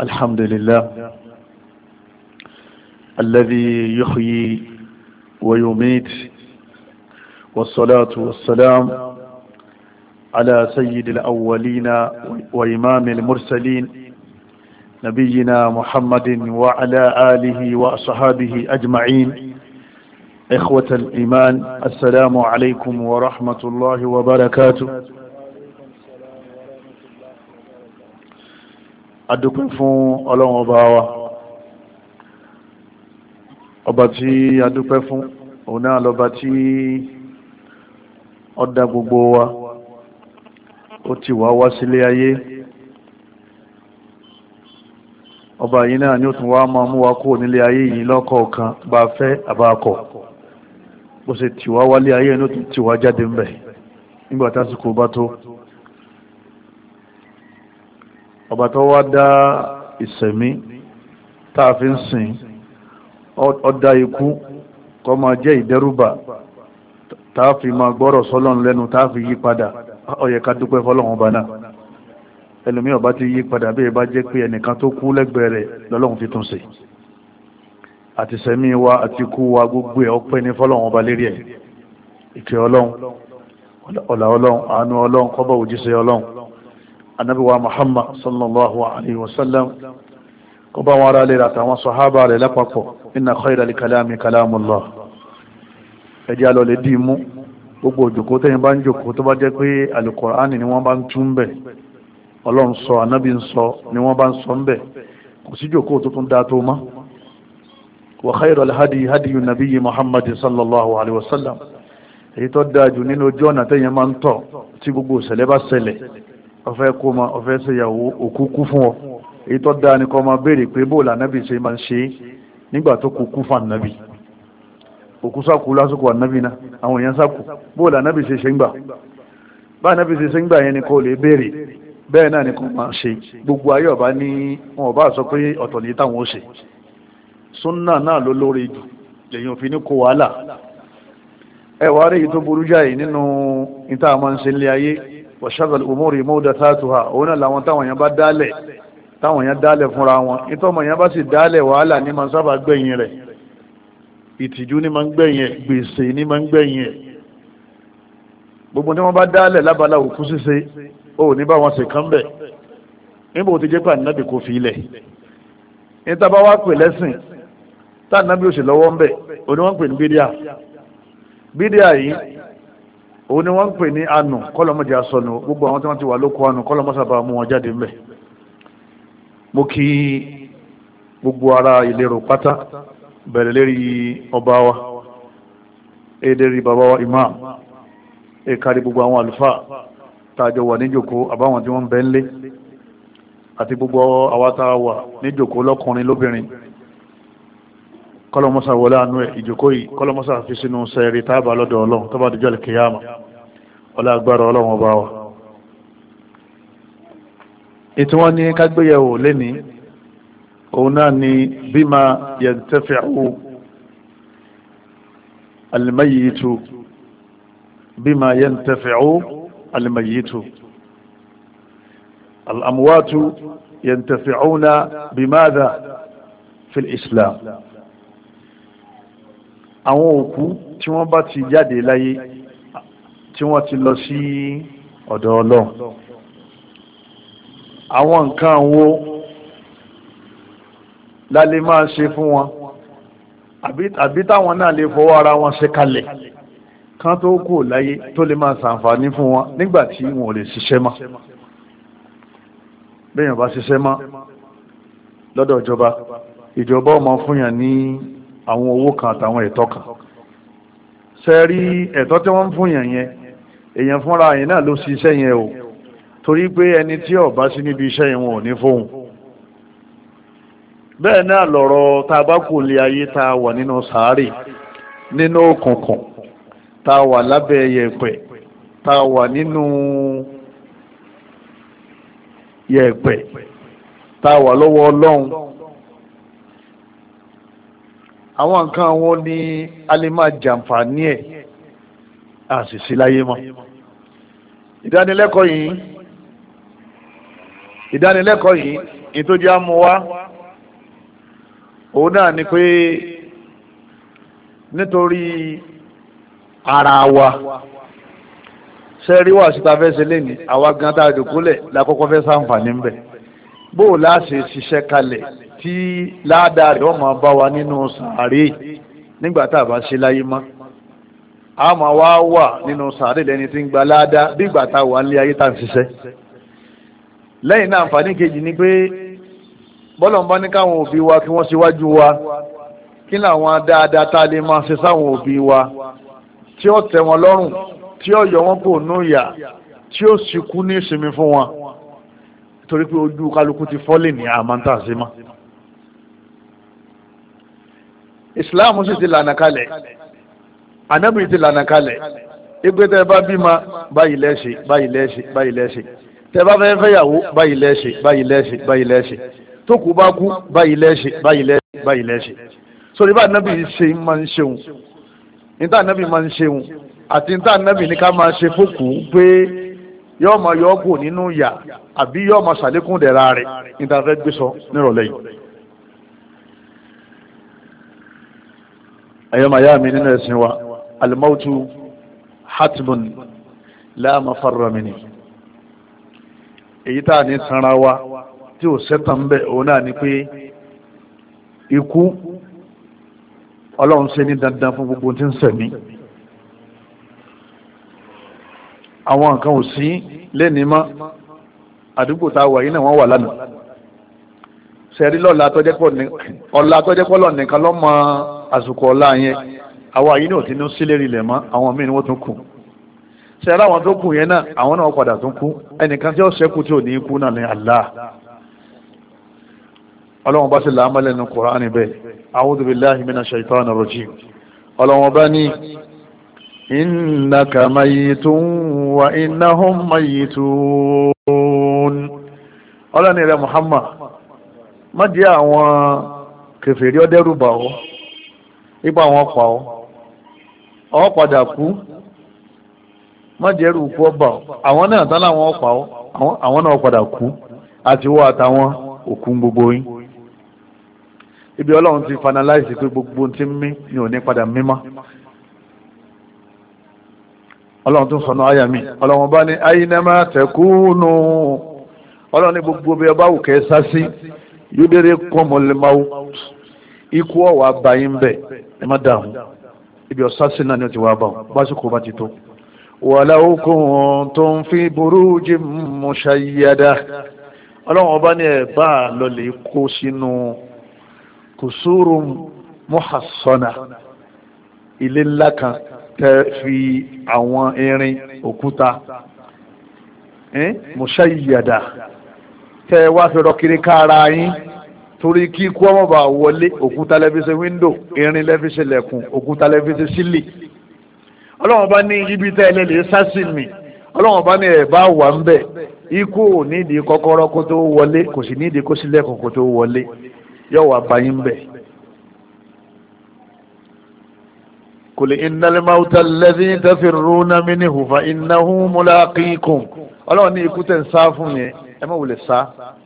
الحمد لله الذي يحيي ويميت والصلاة والسلام على سيد الأولين وإمام المرسلين نبينا محمد وعلى آله وأصحابه أجمعين إخوة الإيمان السلام عليكم ورحمة الله وبركاته adúpẹ́ fún ọlọ́run ọba wa ọba tí adúpẹ́ fún òun náà lọ́ba tí ó dá gbogbo wa ó ti wá wá sílé ayé ọba yìí náà ni ó tún wá máa mú wa kúrò nílé ayé yìí lọ́kọ̀ọ̀kan bá fẹ́ àbákọ̀ bó ṣe tì wálé ayé ni ó tún tì jáde ń bẹ̀ nígbà bá tó ọba tó wá dá ìsẹ̀mí tá a fi ń sìn ọ̀dá ikú kọ́ máa jẹ́ ìdẹ́rùbà tá a fi máa gbọ́rọ̀ sọ́lọ́run lẹ́nu tá a fi yí padà ó ká dúpẹ́ fọ́lọ́run ọba náà ẹlòmíì ọba ti yí padà bí ìbá jẹ́ pé ẹnìkan tó kú lẹ́gbẹ̀ẹ́ rẹ̀ lọ́lọ́run fi tún àti sẹ́mi wa àti kú wa gbogbo ẹ̀ ọpẹ́ ní fọ́lọ́run ọba lérí ẹ̀ ìkẹ́ ọlọ́run ọ̀là ọlọ́run àánú ọlọ́run kọ́bọ̀ òjíṣẹ́ ọlọ́run anabiwa muhammad sallallahu alayhi wa sallam kó bá wọn ara lè ràtà àwọn sọ̀hábà rẹ̀ lápapọ̀ inna khayral kalami kalamullah ẹjẹ́ alọ́ lè dì í mú gbogbo òjòkó tẹ́yìn bá ń jòkó tó bá jẹ́ pé alukur'ani ni wọ́n bá ń tún bẹ̀ ọlọ́run sọ anabi ń sọ ni wọ́n bá ń sọ ń bẹ̀ kò sí jòkó tó tún dáa tó mọ́ wa khayral hadi hadiyu nabiyyi muhammad sallallahu alayhi wa èyí tó dáa jù nínú ojú ọ̀nà tẹ́yìn máa ń tọ̀ tí gbogbo ìṣẹ̀lẹ̀ bá ṣẹlẹ̀ ọ̀fẹ́ kó ma ọ̀fẹ́ ṣèyàwó òkú kú fún ọ èyí tó dáa ni kọ́ ma béèrè pé bóòlù ànábì ṣe máa ń ṣe nígbà tó kú kú fún ànábì òkú sáku lásìkò ànábì náà àwọn èèyàn sáku bóòlù ànábì ṣe ṣe ń gbà bá ànábì ṣe ṣe ń gbà yẹn ni kò lè béèrè bẹ́ẹ̀ náà ni kò máa ṣe gbogbo ayé ọba ní wọn ọba sọ pé ọ̀tọ̀ ní táwọn ó ṣe súnà náà ló lórí jù lèyìn òfin ní kò wàhálà ẹ wàá rí èyí tó burú nínú ìta àmọ́ ń ṣe ilé ayé wọ̀ṣọ́gọ̀lù umori mọ́ọ́dà tààtùhà òun náà làwọn táwọn èèyàn bá dálẹ̀ táwọn èèyàn dálẹ̀ fúnra wọn ìtọ́mọ̀ èèyàn bá sì dálẹ̀ wàhálà ní ma ń sábà gbẹ̀yìn rẹ̀ ìtìjú ní ma ń gbẹ̀yìn ẹ̀ gbèsè ní ma ń gbẹ̀yìn ẹ̀ gbogbo tí wọ́n bá dálẹ̀ lábala òkú ṣíṣe ó ní bá wọn sì kán bẹ̀ níbo ti jẹ́ pé ànábì kò fi ilẹ̀ níta bá wá pè lẹ́sìn tá ànábì ò sì lọ́wọ́ ń bẹ̀ òní wọ́n pè ní bídíà bídíà yìí òun ni wọ́n ń pè ní anù kọ́lọ́mọdé asọ̀nù gbogbo àwọn tí wọ́n ti wà lóko anù kọ́lọ́mọsábà mú wọn jáde ńbẹ̀ mo kí gbogbo ara ìlérò pátá bẹ̀rẹ̀ lérí ọba wa èdèrí bàbá wa imam èkari gbogbo àwọn àlùfáà tààjọ wà níjòkó àbáwọn tí wọ́n ń bẹ ńlé àti gbogbo àwa níjòkó lọ́kùnrin lóbìnrin kọlọmọsá wọlé àánú ẹ̀ ìjòkó yìí kọlọmọsá fi sínú sẹ́ẹ̀rì táàbà lọ́dọ̀ ọlọ́run tó bá dijọ́ lè kíyàmà ọlá agbára ọlọ́run ọba wa. ètò wọn ní kágbéyẹ̀wò lẹ́ni òun náà ni bímà yantafi'u al-mayyitu bímà yantafi'u al-mayyitu al-amwatu fi al-islam àwọn òkú tí wọ́n bá ti jáde láyé tí wọ́n ti lọ sí ọ̀dọ̀ ọlọ́ àwọn nǹkan wo la lè máa ṣe fún wọn àbí táwọn náà lè fọwọ́ ara wọn ṣe kalẹ̀ kan tó kù láyé tó lè máa ṣàǹfààní fún wọn nígbà tí wọn ò lè ṣiṣẹ́ mọ́ bẹ́yàn bá ṣiṣẹ́ mọ́ lọ́dọ̀ ìjọba ìjọba ó máa ní àwọn owó kan àtàwọn ẹ̀tọ́ kan sẹ́rí ẹ̀tọ́ tí wọ́n ń fún yàn yẹn èèyàn fúnra yẹn náà ló ṣiṣẹ́ yẹn o torí pé ẹni tí ó bá sí níbi iṣẹ́ yẹn wọn ò ní fóun bẹ́ẹ̀ náà lọ̀rọ̀ tá a bá kù lé ayé tá a wà nínú sàárè nínú òkùnkùn tá a wà lábẹ́ yẹ̀pẹ̀ tá a wà nínú yẹ̀pẹ̀ tá a wà lọ́wọ́ ọlọ́run àwọn nǹkan wọn ni a lè máa jàǹfààní ẹ̀ àṣìṣe láyé mọ́ ìdánilẹ́kọ̀ọ́ yìí ìdánilẹ́kọ̀ọ́ yìí ní tó jẹ́ àmú òun náà ni pé nítorí ara wa sẹ́rí wà síta fẹ́ ṣe lẹ́ni àwa gan tá a dùkúlẹ̀ lákọ́kọ́ fẹ́ ṣàǹfààní ń bẹ̀ bó o láṣẹ ṣiṣẹ́ kalẹ̀ tí ládàá rẹ̀ wọ́n máa bá wa nínú sàárè nígbà tá a bá ṣe láyé mọ́ a máa wá wà nínú sàárè lẹ́ni tí ń gba ládàá bígbà wà nílé ayé tá a ń ṣiṣẹ́ lẹ́yìn náà àǹfààní kejì ni pé bọ́lọ̀ ń bá ní káwọn òbí wa kí wọ́n ṣíwájú wa kí làwọn dáadáa tá a lè máa ṣe sáwọn òbí wa tí ó tẹ́ wọn lọ́rùn tí ó yọ wọn kò nú ìyà tí ó sì kú ní ìsinmi fún wọn torí pé ojú kálukú ti fọ́lé ní àmọ́ntàṣe mọ́ ìsìláàmù sì ti lànà kalẹ̀ ànábì ti lànà kalẹ̀ ipe tẹ́ bá bímọ báyìí lẹ́sẹ̀ báyìí lẹ́sẹ̀ báyìí lẹ́sẹ̀ tẹ́ bá fẹ́ fẹ́yàwó báyìí lẹ́sẹ̀ báyìí lẹ́sẹ̀ báyìí lẹ́sẹ̀ tó kù bá kú báyìí lẹ́sẹ̀ báyìí lẹ́sẹ̀ báyìí lẹ́sẹ̀ sori bá ànábì ṣe máa ń ṣeun níta ànábì máa ń ṣeun àti níta ànábì ní ká máa ṣe fókù pé yọọ máa yọ ọ kù nínú yà àbí yọọ máa ṣàlékún dẹ̀ra rẹ̀ níta fẹ́ gbé sọ nírọ̀lẹ́ ẹ̀yọ́ màyá mi nínú ẹ̀sìn wa alimọ́tù hatmun láàmà faramini èyí tá a ní sanra wa tí ò sẹ́tàn bẹ́ẹ̀ òun náà ni pé ikú ọlọ́run ṣe ní dandan fún gbogbo tí ń sẹ̀mí àwọn nǹkan ò sí lẹ́ni mọ́ àdúgbò tá a wà yìí náà wọ́n wà lánàá sẹ́rí lọ́la tọ́jẹ́pọ̀ ọ̀la tọ́jẹ́pọ̀ lọ́nìkan lọ́mọ àsìkò ọ̀la yẹn àwa yìí náà ti ní sílẹ̀ rilẹ̀ mọ́ àwọn míì ni wọ́n tún kù ṣe ara àwọn tó kù yẹn náà àwọn náà padà tún kú ẹnìkan tí ó ṣẹ́kù tí ò ní kú náà ní Allah ọlọ́run bá sì làámọ́lẹ̀ nínú Kùránì bẹ́ẹ̀ a'udhu billahi minash shaitanir rajim ọlọ́run bá ní innaka mayitun wa innahum mayitun ọlọ́run rẹ̀ Muhammad má jẹ́ àwọn kèfèrí ọdẹ́rù bàwọ́ ipa àwọn pa ọ ọ padà kú mọ̀jẹ̀rù kú ọba àwọn náà tán láwọn pa ọ àwọn náà padà kú àti wọ́n àtàwọn òkú gbogbo yín ibi ọlọ́run ti finalize pé gbogbo ti ń mí ni ò ní padà mímọ́ ọlọ́run tó ń sọnù àyà mi ọlọ́run bá ní ayinama tẹ̀kúnù ọlọ́run ní gbogbo bí ọba òkè sásí yóò déré kọ́mọlẹ́máwó ikú ọ̀wà báyìí ń ẹ má dà wọn ibi ọ̀sá sí náà ni ó ti wá bá wọn básìkò bá ti tó. walau kuntum fi burujin mushayyada ọlọ́run ọba ní ẹ̀ bá a kó sínú kùsùrù muhassana ilé ńlá kan tẹ́ fi àwọn irin òkúta mushayyada tẹ́ wá fi rọ kiri ká ara yín torí kí ikú ọmọ bá wọlé òkúta lẹ́fíṣe wíńdò irin lẹ́fíṣe lẹ́kùn òkúta lẹ́fíṣe sílì ọlọ́run bá ní ibi tẹ́ ẹlẹ́lẹ́ sásì mi ọlọ́run bá ní ẹ̀bá wà ń bẹ̀ ikú ò nídìí kọ́kọ́rọ́ kó tó wọlé kò sì nídìí kó sílẹ̀kùn kó tó wọlé yóò wá báyìí ń bẹ̀. kul innal mawta alladhi tafirruna minhu fa innahu mulaqikum ọlọ́run ní ikú tẹ̀ ń sá fún yẹn ẹ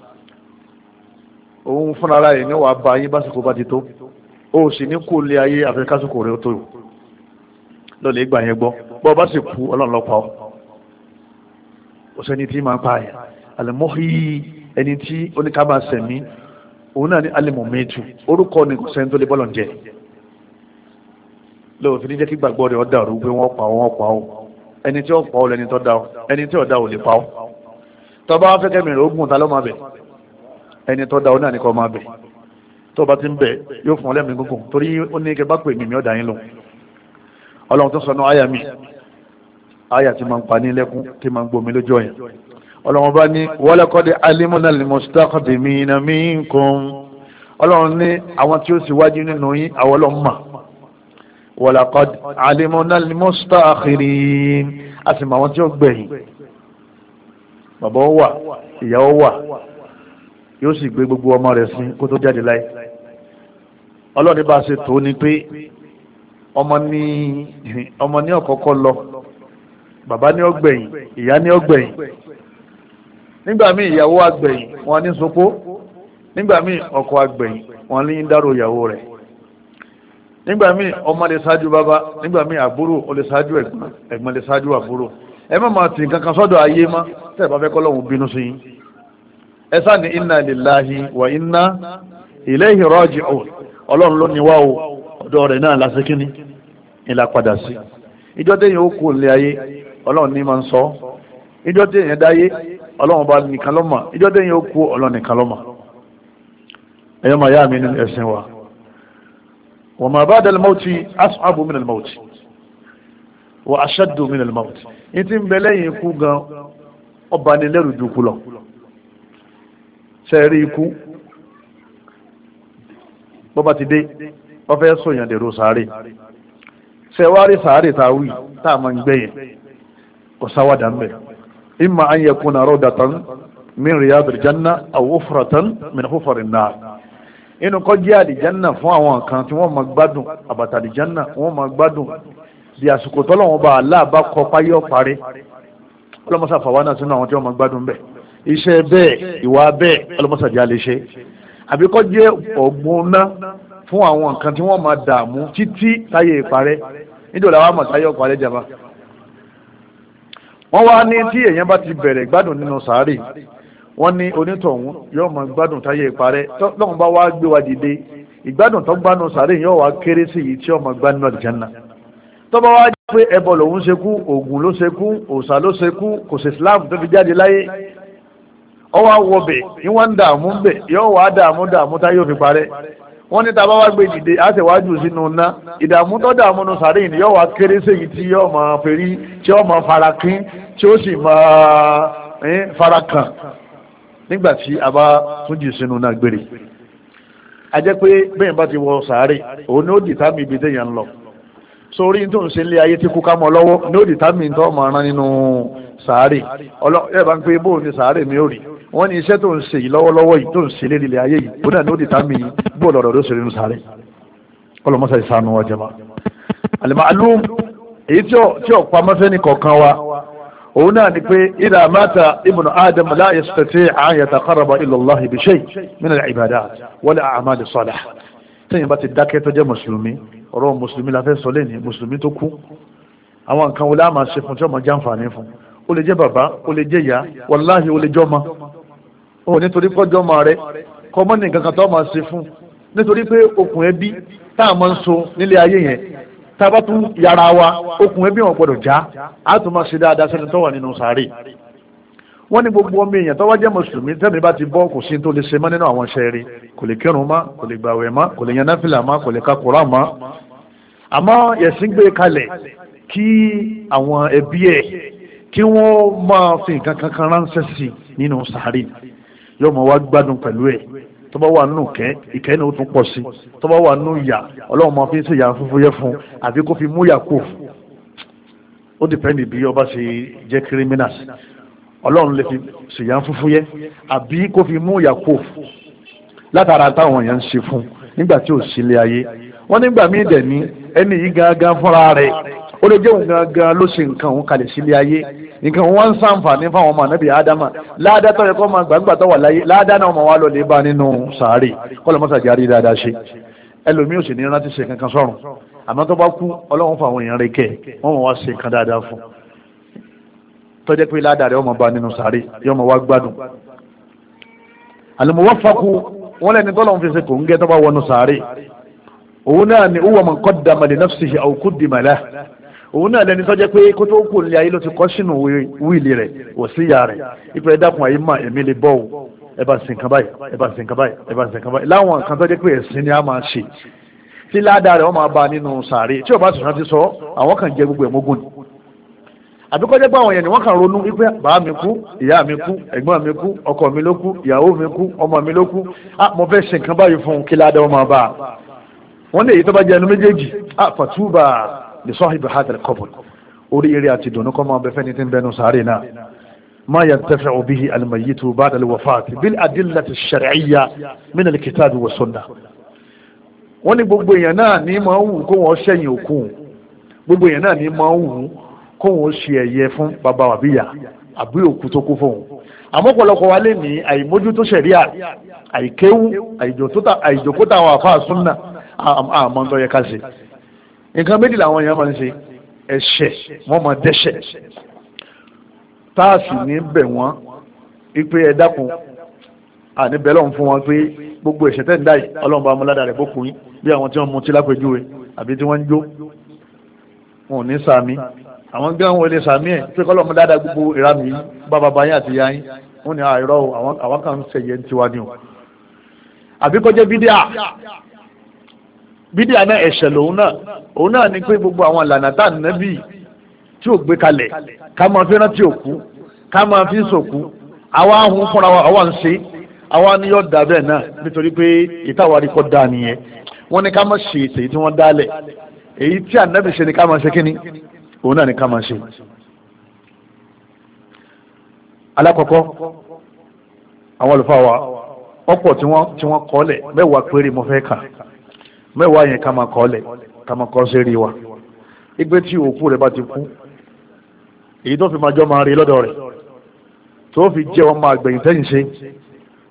òun fúnra ara yìí ní wàá ba ayé básìkò bá ti tó o sì ní kó lé ayé àfẹkásìkò rẹ tó lọ́lẹ̀ ìgbà yẹn gbọ́ bọ́ bá sì kú ọlọ́run lọ́pàá ọ òsèni tí máa ń pa àyà àlùmọ́hì ẹni tí oníkàbà sẹ̀mí òun náà ní alimọ̀mẹ́tù orúkọ ní kò sẹ́ni tó lè bọ́lọ̀ jẹ lọ́wọ́ fi ní jẹ́ kí gbàgbọ́ rẹ̀ ọ̀dà rú pé wọ́n pa wọ́n pa ọ́ ẹni tí ó pa ọ́ lẹ́ni tó dá ọ ẹni tí ọ̀dà ò lè pa ọ́ tọ́ bá fẹ́kẹ́ ta ló máa bẹ̀ ẹni tó da ọ náà ní kọ́ máa bẹ̀ tó bá ti ń bẹ̀ yóò fún ọlẹ́mìí gúngùn torí ó ní kẹ bá pè mí mi ọ̀dà yín lọ ọlọ́run tó sọnù àyà mi àyà ti máa ń pa ní lẹ́kún tí máa ń gbomi lójọ́ yẹn ọlọ́run bá ní walaqad alimna al-mustaqdimina minkum ọlọ́run ní àwọn tí ó sì wájú nínú yín àwọn ọlọ́run mà walaqad alimna al-mustakhirin a sì mọ yóò sì gbé gbogbo ọmọ rẹ̀ sí kó tó jáde láyé ọlọ́ọ̀ni bá ṣe tó ni pé ọmọ ní ọmọ ní ọ̀kọ́kọ́ lọ bàbá ní ọgbẹ̀yìn ìyá ní ọgbẹ̀yìn nígbà míì ìyàwó agbẹ̀yìn wọn ní sopó nígbà míì ọkọ agbẹ̀yìn wọn ní dárò ìyàwó rẹ̀ nígbà míì ọmọ lè ṣáájú bàbá nígbà míì àbúrò ó lè ṣáájú ẹ̀gbọ́n ẹ̀gbọ́n lè ṣáájú àbúrò ẹ má máa tì nǹkan kan sọ́dọ̀ ayé má tẹ̀ bá fẹ́ kọ́ lọ́hùn bínú sí yín ẹ sáà ní inna lillahi wa inna ilayhi raji'un ọlọ́run ló ní wá o ọ̀dọ̀ rẹ̀ náà lásìkíní ìlà padà sí ìjọ tẹ̀yìn ó kú ilé ayé ọlọ́run ní máa ń sọ ìjọ tẹ̀yìn dáyé ọlọ́run bá nìkan lọ́mọ ìjọ tẹ̀yìn ó kú ọlọ́run nìkan lọ́mọ ẹ̀yọ́ máa yá mi nínú ẹ̀sìn wa wa ma ba'da al-mawti as'abu min al-mawti wa ashaddu ní ti ń bẹ lẹ́yìn ikú gan ọba ni lẹ́rù ju lọ sẹ́ẹ̀rí ikú bó bá ti dé wọ́n fẹ́ sòyàn dèrò sáré sẹ́wárí sáré táwí tá a máa ń gbẹ̀yìn kò sáwádà ń bẹ̀ imma an yakuna rawdatan min riyadil janna aw hufratan min hufarin nar inú kọ́ jẹ́ àdìjánà fún àwọn kan tí wọ́n máa gbádùn àbàtà àdìjánà wọ́n máa gbádùn bí àsìkò tọ́lọ́wọ́n bá aláàbá kọ páyọ́ parí ọlọ́mọsàfà wa náà sínú àwọn tí wọ́n máa gbádùn bẹ́ẹ̀ iṣẹ́ bẹ́ẹ̀ ìwà bẹ́ẹ̀ ọlọ́mọsàjà lè ṣe àbíkọ́ jẹ́ ọ̀gbun ná fún àwọn nǹkan tí wọ́n máa dààmú títí táyé ìparẹ́ nítorí àwọn àmọ̀ táyé ọ̀parẹ́ jàmbá wọ́n wá ní tí èèyàn bá ti bẹ̀rẹ̀ gbádùn nínú sàárì wọ́n ní onítọ̀hún yóò máa gbádùn táyé ìparẹ́ tọ́lọ́hún bá wá gbé wa dìde ìgbádùn tó gbádùn sàárì yóò wá kéré sí yìí tí ó máa gbádùn àlùjánnà tọ́ba wá jẹ́ pé ẹbọ lòun ṣekú ògùn ló ṣekú òòṣà ló ṣekú kò sí Islam tó fi jáde láyé ọwọ́ àwọ̀bẹ̀ ìwọ̀n ń dààmú ń bẹ̀ yóò wá dààmú dààmú tá yóò fi parẹ wọn ní tá a bá wá gbé dìde á sì jù sínú iná ìdààmú tó dààmú nu sàárè yìí yóò wá kéré séyìí tí yóò máa ferí tí yóò máa fara kín tí ó sì máa fara kàn nígbà tí a bá tún jù sínú gbére a jẹ́ pé bẹ́ẹ̀ bá ti wọ sàárè òun ni ó dì tábì ibi téèyàn lọ sórí tó ń ṣe ń ayé tí kú ká mọ́ lọ́wọ́ ni ó dì tábì nínú ọlọ́ ẹ̀ bá ń bóun ni mi ò rí wọ́n ní iṣẹ́ tó ń ṣe yìí lọ́wọ́lọ́wọ́ yìí tó ń ṣe lérí ilẹ̀ ayé yìí ó náà ní ó dìtà mí bó lọ́dọ̀ ló ṣe nínú sáré ọlọ́mọṣẹ́ ìsànú wa jẹba. al-ma'lum èyí tí ọ̀pá mọ́fẹ́ni kọ̀ọ̀kan wa òun náà ni pé idha mata ibnu adam la yastati' an yataqarraba ila Allah bi shay' min al-ibadat wal bá ti dákẹ́ tó jẹ́ mùsùlùmí ọ̀rọ̀ mùsùlùmí la fẹ́ sọ lẹ́ni mùsùlùmí tó kú àwọn nǹkan wo la máa ṣe fún tí ọmọ jàǹfààní fún ó lè jẹ́ bàbá ó lè jẹ́ ìyá wàláhì ó lè jọ́ ọmọ o nítorí kọjọ́ máa rẹ kọmọ́ ní nǹkan kan tó máa ṣe fún nítorí pé okùn ẹbí tá a máa ń so nílé ayé yẹn tá a bá tún yára wa okùn ẹbí wọn gbọdọ̀ já a tún máa ṣe dáadáa sẹ́ni tó wà nínú sàárè wọ́n ní gbogbo ọmọ èèyàn tó wá jẹ́ mùsùlùmí tẹ́mi bá ti bọ́ kò sí tó lè ṣe mọ́ nínú àwọn iṣẹ́ rí kò lè kírun mọ́ kò lè gbàwẹ̀ mọ́ kò lè yan náfìlà kò lè ka Kùránì mọ́ àmọ́ gbé kalẹ̀ kí àwọn ẹbí ẹ̀ kí wọ́n máa fi nǹkan kankan ránṣẹ́ sí nínú sàárè yóò mọ wá gbádùn pẹ̀lú ẹ̀ tó bá wà nù kẹ́ ìkẹ́ ní o tún pọ̀ sí tó bá wà nù yà ọlọ́run máa fi ń ṣèyà fúnfún yẹ fún àbí kó fi mú yà kù ó dìpẹ́ndì bí ọba ṣe jẹ́ kírímínàs ọlọ́run lè fi ṣèyà fúnfún yẹ àbí kó fi mú yà kù látara táwọn èèyàn ń ṣe fún nígbà tí ò sílé ayé wọ́n nígbà míì dẹ̀ ní ẹni yìí gángan fúnra rẹ̀ ó lè jẹ́ òun gangan ló ṣe nǹkan òun kalẹ̀ sílé ayé nǹkan òun wá ń sàǹfààní fáwọn ọmọ ànábì ádámà láàdá tó yẹ kó máa gbàgbà tó wà láyé láàdá náà máa wá lọ lè bá nínú sàárè kọ́lọ̀ mọ́sàdì àrí dáadáa ṣe ẹlòmíì ò sì ní rántí ṣe kankan sọ́run àmọ́ tó bá kú ọlọ́run fún àwọn èèyàn rẹ̀ kẹ́ wọ́n mọ̀ wá ṣe nǹkan dáadáa fún tó jẹ́ pé láàdá rẹ̀ ọmọ bá nínú sàárè yóò mọ̀ wá gbádùn àlùmọ̀wọ́fàkù wọ́n lẹ́ni tọ́lọ́run fi ṣe kò ń gẹ́ tó bá wọnú sàárè òun náà ni ó wà mọ̀ kọ́ dàmàlì náà sì ṣe àwòkú dìmàlà òun náà lẹni tọ́jẹ́ pé kó tó kù nílé ayé ló ti kọ́ sínú wíìlì rẹ̀ wòsíyà rẹ̀ ìpẹ́ dákun ayé mà èmi lè bọ́ o ẹ bá sìn kan báyìí ẹ bá sìn kan báyìí ẹ bá sìn kan báyìí láwọn nǹkan tọ́jẹ́ pé ẹ̀sìn ni a máa ṣe tí ládàá rẹ̀ wọ́n máa bá nínú sàárè tí ọba sùn ti sọ àwọn kan jẹ gbogbo ẹ̀mógún ni àbí kọ́jẹ́ pé àwọn yẹn ni wọ́n kàn ronú wípé bàá mi kú ìyá mi kú ẹ̀gbọ́n mi kú ọkọ mi ló kú ìyàwó mi kú ọmọ mi ló kú ah mo fẹ́ ṣe nǹkan báyìí fún kí ládàá wọn máa bá a wọ́n ní èyí tó bá jẹ́ ẹnu méjèèjì ah fàtúbà lè هذا ibi hàtẹ̀lẹ̀ kọ́bùn orí eré àti ìdùnnú ما ينتفع به الميت بعد الوفاة بالأدلة الشرعية من الكتاب والسنة wọ́n ní gbogbo èèyàn náà ní máa ń wù kó wọ́n ṣẹ̀yìn òkú gbogbo èèyàn náà ní máa ń wù kó wọ́n ṣe ẹ̀yẹ fún bàbá àbíyà àbí òkú tó kú fóun àmọ́ wa lè ní àìmójútó ṣẹ̀ríà àìkéwú àìjòkótà àwọn àfáà súnà àmọ́ ń yẹ ká ṣe nǹkan méjì làwọn èèyàn máa ń ṣe ẹ̀ṣẹ̀ wọ́n máa dẹ́ṣẹ̀ táàsì ní bẹ̀ wọ́n ipe ẹ dákun àní bẹ́ẹ̀ lọ́n fún wọn pé gbogbo ẹ̀ṣẹ̀ tẹ́ ń dá yìí ọlọ́run bá ọmọládà rẹ̀ bókun yín bí àwọn tí wọ́n mutí lápẹjúwe àbí tí wọ́n ń jó wọn ò ní sàmí àwọn gbé àwọn ilé sàmí ẹ̀ pé kọ́lọ́ ọmọládà gbogbo ìrami yìí bàbá báyà àti yáyín wọn ni àìrọ́ àwọn kan ń ṣẹ̀yẹ tiwa ni o àbí bídíà bídíà náà ẹ̀ṣẹ̀ lòun náà òun náà ni pé gbogbo àwọn ìlànà tá nẹ́bì tí ò gbé kalẹ̀ ká máa fi rántí òkú ká máa fi sòkú àwa ahun fúnra wa àwa ń ṣe àwa ni yóò dà bẹ́ẹ̀ náà nítorí pé ìtawárí kọ́ da nìyẹn wọ́n ní ká máa ṣe èyí tí wọ́n dálẹ̀ èyí tí ànábì ṣe ni ká máa ṣe kíni òun náà ni ká máa ṣe. alákọ̀ọ́kọ́ àwọn olùfà wa ọ̀pọ̀ tí wọ́n kọ́ lẹ̀ mẹ́wàá péré mo fẹ́ kà mẹ́wàá yẹn kama máa kọ́ lẹ̀ ká máa kọ́ sí rí wa igbe tí òkú rẹ̀ bá ti kú èyí tó fi máa jọ́ máa rí lọ́dọ̀ rẹ̀ tó fi jẹ́ wọn máa gbẹ̀yìn tẹ́yìn ṣe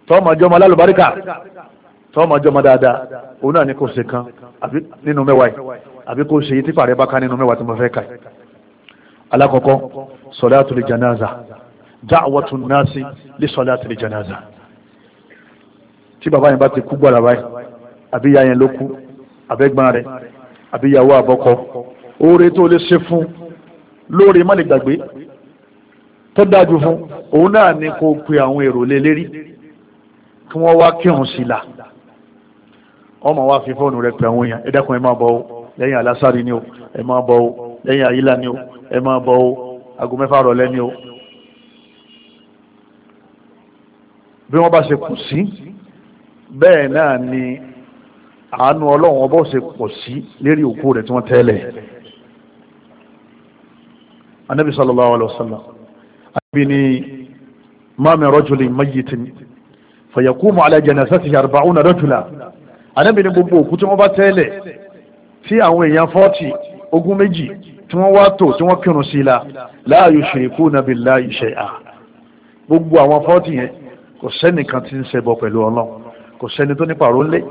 tó máa jọ́ máa lálùbáríkà tó máa jọ́ máa dáadáa òun náà ni kò ṣe kan nínú mẹ́wàá yìí àbí kò ṣe tí fàrẹ́ bá ká nínú mẹ́wàá tí mo fẹ́ kà yìí alákọ̀ọ́kọ́ sọ̀látùl janaza da'watun nasi li sọ̀látùl janaza tí bàbá yẹn bá ti kú gbọ́dọ̀ báyìí àbí ìyá yẹn ló kú àbẹ́gbọ́n rẹ̀ àbí ìyàwó àbọ́kọ oore tó lè ṣe fún lóore má lè gbàgbé tó dájú fún òun náà ni kó pe àwọn èrò lé kí wọ́n wá kírun sí la ọmọ wa fi fóònù rẹ pè àwọn èèyàn ẹ dákun ẹ máa bọ̀ o lẹ́yìn alásàrí ni o ẹ máa bọ̀ o lẹ́yìn àyílà ni o ẹ máa bọ̀ o aago mẹ́fà rọ̀lẹ́ ni o bí wọ́n bá ṣe kù sí bẹ́ẹ̀ náà ni àánú ọlọ́run ọbọ̀ ṣe pọ̀ sí lérí òkú rẹ̀ tí wọ́n tẹ́lẹ̀ anabi sallallahu alayhi wa sallam anabi ni maami rajuli mayitin fayakumu ala janazati arba'una rajula anabi ni gbogbo òkú tí wọ́n bá tẹ́lẹ̀ tí àwọn èèyàn fọ́ọ̀tì ogún méjì tí wọ́n wá tò tí wọ́n kírun sí i la la yushrikuna billahi shay'a gbogbo àwọn fọ́ọ̀tì yẹn kò sẹ́nìkan tí ń ṣẹbọ pẹ̀lú ọlọ́run kò sẹ́ni tó ní pàrọ̀ ńlẹ́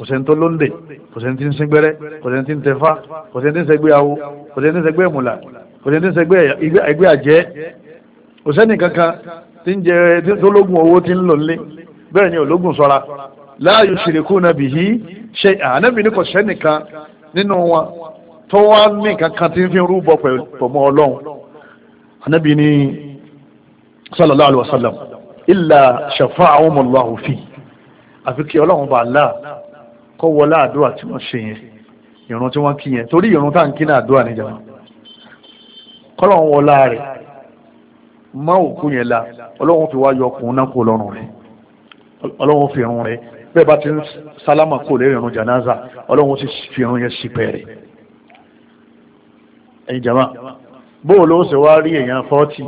kò sẹ́ni tó lóńdè kò sẹ́ni tí ń sin gbẹ́rẹ́ kò sẹ́ni tí ń tẹ̀fá kò sẹ́ni tí ń sẹ́gbẹ́ awo kò sẹ́ni tí ń sẹ́gbẹ́ ìmùlà kò sẹ́ni tí ń sẹ́gbẹ́ ẹgbẹ́ àjẹ́ kò sẹ́ni kankan tí ń jẹ tó lógun owó tí ń lò nílé bẹ́ẹ̀ ni ológun sọ́ra la yushrikuna bihi shay'an ànábì ní kò sẹ́ni kan nínú wọn tó wá ní kankan tí ń fi rúbọ pẹ̀lú ọlọ́run ànábì ní sallallahu alaihi wasallam illa shafa'ahumullahu fi àfi kí ọlọ́run bá kọ́ wọlé àdúrà tí wọ́n ṣe yẹn ìrun tí wọ́n kí yẹn torí ìrun tá à ń kí ní àdúrà níjàmá kọ́lọ́hún wọlá rẹ̀ má òkú yẹn la ọlọ́hún fi wá yọ ọkùnrin náà kó lọ́rùn rẹ̀ ọlọ́hún fi irun rẹ̀ bẹ́ẹ̀ bá ti ń sálámà kó lè rìnrìn jànáza ọlọ́hún ti fi irun yẹn sípẹ́ rẹ̀ ẹ̀yin jàmá bóòlù ó sì wá rí èèyàn fọ́ọ̀tì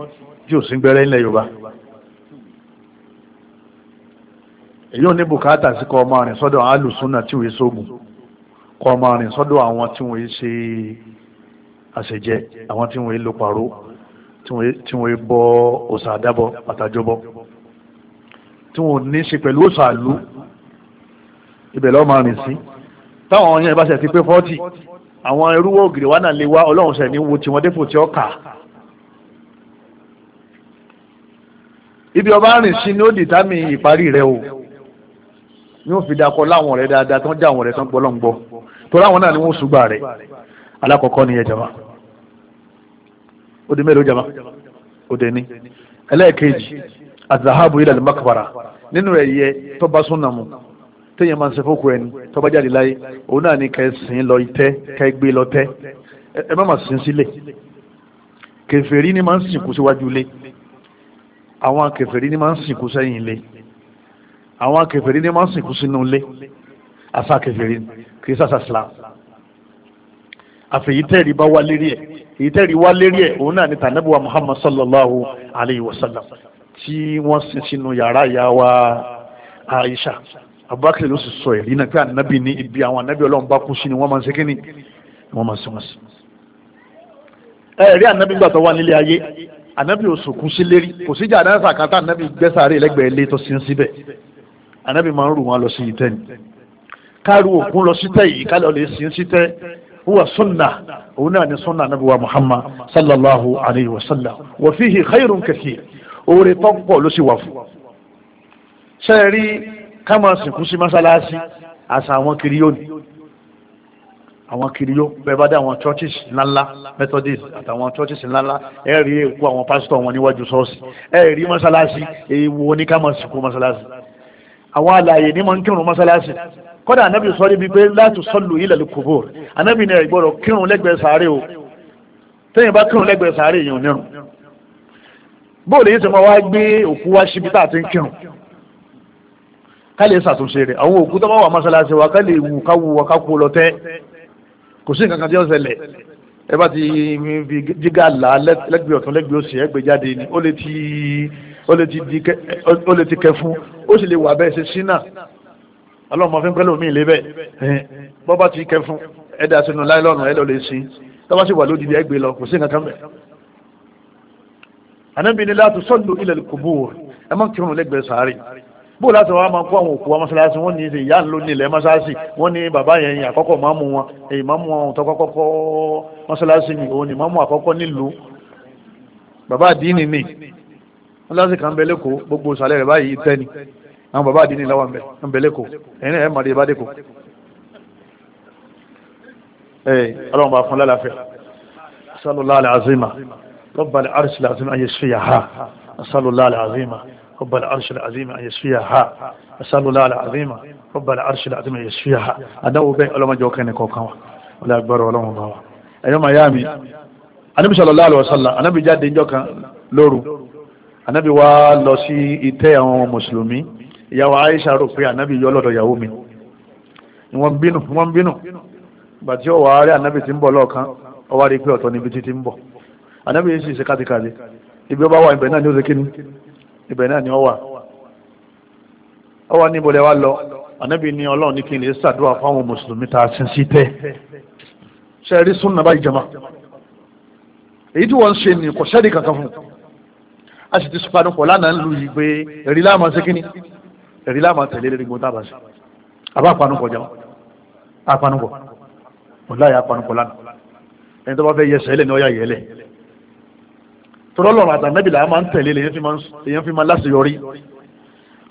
tí ò sí gbẹ́rẹ́ nílẹ̀ Yorùbá èyí ò ní bùkátà sí kọ́ ọmọ rìn sọ́dọ̀ àwọn alùsùnà tí wọ́n sógun kọ́ ọmọ rìn sọ́dọ̀ àwọn tí wọ́n ṣe àṣejẹ àwọn tí wọ́n lo pàró tí wọ́n bọ òsà àdábọ̀ àtàjọbọ̀ tí wọ́n ní ṣe pẹ̀lú òsà àlú ibẹ̀ lọ́ọ́ máa rìn sí táwọn yẹn bá ti pé fọ́tì àwọn irúwó ògìrì wa náà lè wá ọlọ́run ṣẹ̀ ní wo tiwọn dépò tí ó kà ibi ọba rìn sí ní ó dìtámì ìparí rẹ o ni ó fi dakọ láwọn ọ̀rẹ́ dáadáa tó ń já àwọn ọ̀rẹ́ tó ń ń gbọ́ torí àwọn náà ni wọ́n ṣùgbà rẹ̀ alákọ̀ọ́kọ́ ni ẹ jama ó mélòó jama ó di ẹlẹ́ẹ̀kejì azahabu ilẹ̀ makabara nínú ẹ̀ yẹ tó bá súnà mu téèyàn máa ń ṣe fókù ẹni tó jáde láyé òun náà ni kẹ́ sìn lọ itẹ́ kẹ́ gbé lọ tẹ́ ẹ má máa sìn sílẹ̀ kèfèrí ni máa ń sìnkú síwájú ilé àwọn kèfèrí ni máa ń sìnkú sẹ́yìn ilé àwọn kèfèrí ní máa ń sìnkú sínú ilé àṣà kèfèrí kìí sàṣà islam àfẹ̀yí tẹ́ẹ̀rí bá wá lérí ẹ̀ èyí wá lérí ẹ̀ òun náà ni tànẹ́bùwà muhammad sallallahu alayhi wa sallam tí wọ́n sin sínú yàrá ìyá wa aisha abubakar ló sì sọ ẹ̀rí náà pé ànábì ní ibi àwọn ànábì ọlọ́run bá kú sí ni wọ́n máa ń ṣe kíni wọ́n máa ń ṣe wọ́n sí. ẹ̀rí ànábì gbà tó wà nílé ayé ànábì ò sòkún sí lérí kò síjà àdáńsà kan tá ànábì gbẹ́sàárè lẹ́gbẹ̀ẹ́ ilé tó sin síbẹ̀ ànábì máa ń rù wọn lọ sí ìtẹ́ ni káàrù òkun lọ sítẹ́ yìí ká lọ lè sin sítẹ́ huwa sunna òun náà ni sunna ànábì wa muhammad sallallahu alayhi wa sallam wa fihi khayrun kathir oore tó pọ̀ ló sì wà fún sẹ́ẹ̀rí ká máa sìnkú sí mọ́sálásí àṣà àwọn kiri yóò àwọn kiriyó bẹ́ẹ̀ bá dé àwọn churches ńláńlá methodist àtàwọn churches ńláńlá ẹ rí èkó àwọn pásítọ̀ wọn níwájú ṣọ́ọ̀ṣì ẹ rí mọ́sálásí èèwọ̀ oníkàmọ̀sìnkú mọ́sálásí àwọn àlàyé ní mọ̀ ń kírun mọ́sálásì kọ́dà anábì sọ níbi pé láti sọ́lù ilẹ̀ lukubur anábì ní ìgbọ́dọ̀ kírun lẹ́gbẹ̀ẹ́ sàárè o tẹ́yìn bá kírun lẹ́gbẹ̀ẹ́ sàárè yìí ò nírun bóòlù yìí ti máa wá gbé òkú wá síbi tá a ti ń kírun ká lè ṣàtúnṣe rẹ̀ àwọn òkú tó bá wà mọ́sálásì wa ká lè wù ká wù wá ká kú lọ tẹ́ kò sí nǹkan kan tí ó ni ó ó le ti kẹ fún ó sì lè wà bẹ́ẹ̀ ṣe sínà ọlọ́mọ fi ń pẹ́ lómi ìlé bẹ́ẹ̀ bọ́ bá ti kẹ fún ẹ̀dá sínú láìlọ́nù ẹ̀dọ̀ lè sin tọ́wọ́ sì wà lódìdí ẹgbẹ́ lọ kò sí nǹkan kan bẹ̀. ànábì ni láti sọ́ọ̀lù ilẹ̀ kùbù ẹ má kírun lẹ́gbẹ̀ẹ́ sàárì bó láti wá máa kó àwọn òkú wa mọ́ṣáláṣí wọ́n ní ìyá ńlọ ní ilẹ̀ mọ́ṣáláṣí wọ́n ní bàbá yẹn àkọ́kọ́ máàmù wọn èyí máàmù wọn tó kọ́kọ́ mọ́ṣáláṣí ni òun ni máàmù àkọ́kọ́ nílùú bàbá àdínì ni wọn láti kà ń bẹ lẹ́kọ̀ọ́ gbogbo ìsàlẹ̀ rẹ̀ báyìí tẹ́ni àwọn bàbá àdínní lọ́wọ́ ń bẹ lẹ́kọ̀ọ́ ẹ̀yin náà ẹ̀ màdé bá dẹ́kọ̀ọ́ ẹ̀ ọlọ́run bá fún lálàáfẹ́ sallallahu alaihi azima rabbal arshil azim an yashfiha sallallahu alaihi azima رب العرش العظيم أن يشفيها أسأل الله العظيم رب العرش العظيم أن يشفيها أدعو بي ألما جوكين كوكاوا ولا أكبر ولا مباوا أيما يامي أنا صلى الله عليه وسلم أنا بجاد جوكا لورو anabi wa lọ sí ìtẹ́ àwọn mùsùlùmí ìyàwó Aisha rò pé anabi yọ lọ́dọ̀ yahoo mi wọ́n bínú wọ́n bínú anabi ti ń bọ̀ lọ́ọ̀kan ọwọ́ àrí pé ọ̀tọ̀ níbi títí ń anabi yìí sì ṣe ibi wa ibẹ̀ náà ni ó ṣe kíni ibẹ̀ náà ni ó wà ó wà ní ìbọ̀lẹ̀ wa lọ anabi ni ọlọ́run ní kí n lè ṣàdúrà fáwọn mùsùlùmí a sì ti sọpanupọ̀ lánàá ń lu yìí pé ẹ̀rí láàmú ṣe kíni ẹ̀rí láàmú tẹ̀lé lórí gbọ́n tábà sí àbá àpanupọ̀ jẹun àpanupọ̀ ọ̀láyà àpanupọ̀ lánàá ẹni tó bá fẹ́ yẹsẹ̀ ẹlẹ́ ni ọ̀yà yẹlẹ̀ tọ́lọ́lọ́run àtànẹ́bìlà máa ń tẹ̀lé èèyàn fi máa láṣeyọrí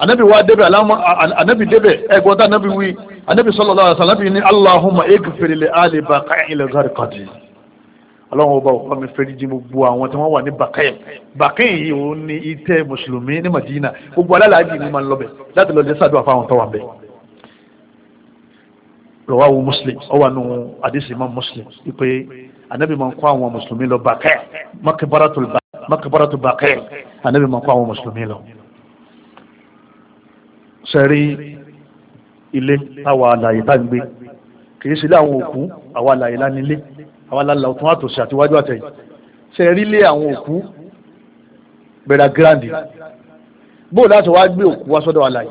anabi wa debe alama anabi debe ẹgbọn anabi wi anabi sallallahu alaihi wasallam ni allahumma ekfere le ali ba ka ilẹ gari kadi ọlọ́run ọba ọ̀pá mi fẹ́ díjí gbogbo àwọn tí wọ́n wà ní bàkẹ́yìn bàkẹ́yìn yìí òun ní ìtẹ́ mùsùlùmí ní Madina gbogbo alálàájì mi máa ń lọ́bẹ̀ láti lọ́ọ́ jẹ́sàdó àfáwọn tó wà bẹ́ẹ̀. lọ́wọ́ àwọn muslim ọwọ́ àánú àdìsí imam muslim wípé anabi máa ń kó àwọn mùsùlùmí lọ bàkẹ́ makibaratul bàkẹ́ anabi máa ń kó àwọn mùsùlùmí lọ. sẹ́rí ilé táwa àlàyé tá ń gbé kì í sílé àwọn òkú àwa àlàyé lá àwọn alálà ọ̀tún àtòsí àtiwájú àtẹ̀yìn ṣe rí lé àwọn òkú bẹ̀rẹ̀ gíráǹdì bó láti wá gbé òkú wá sọ́dọ̀ àlàyé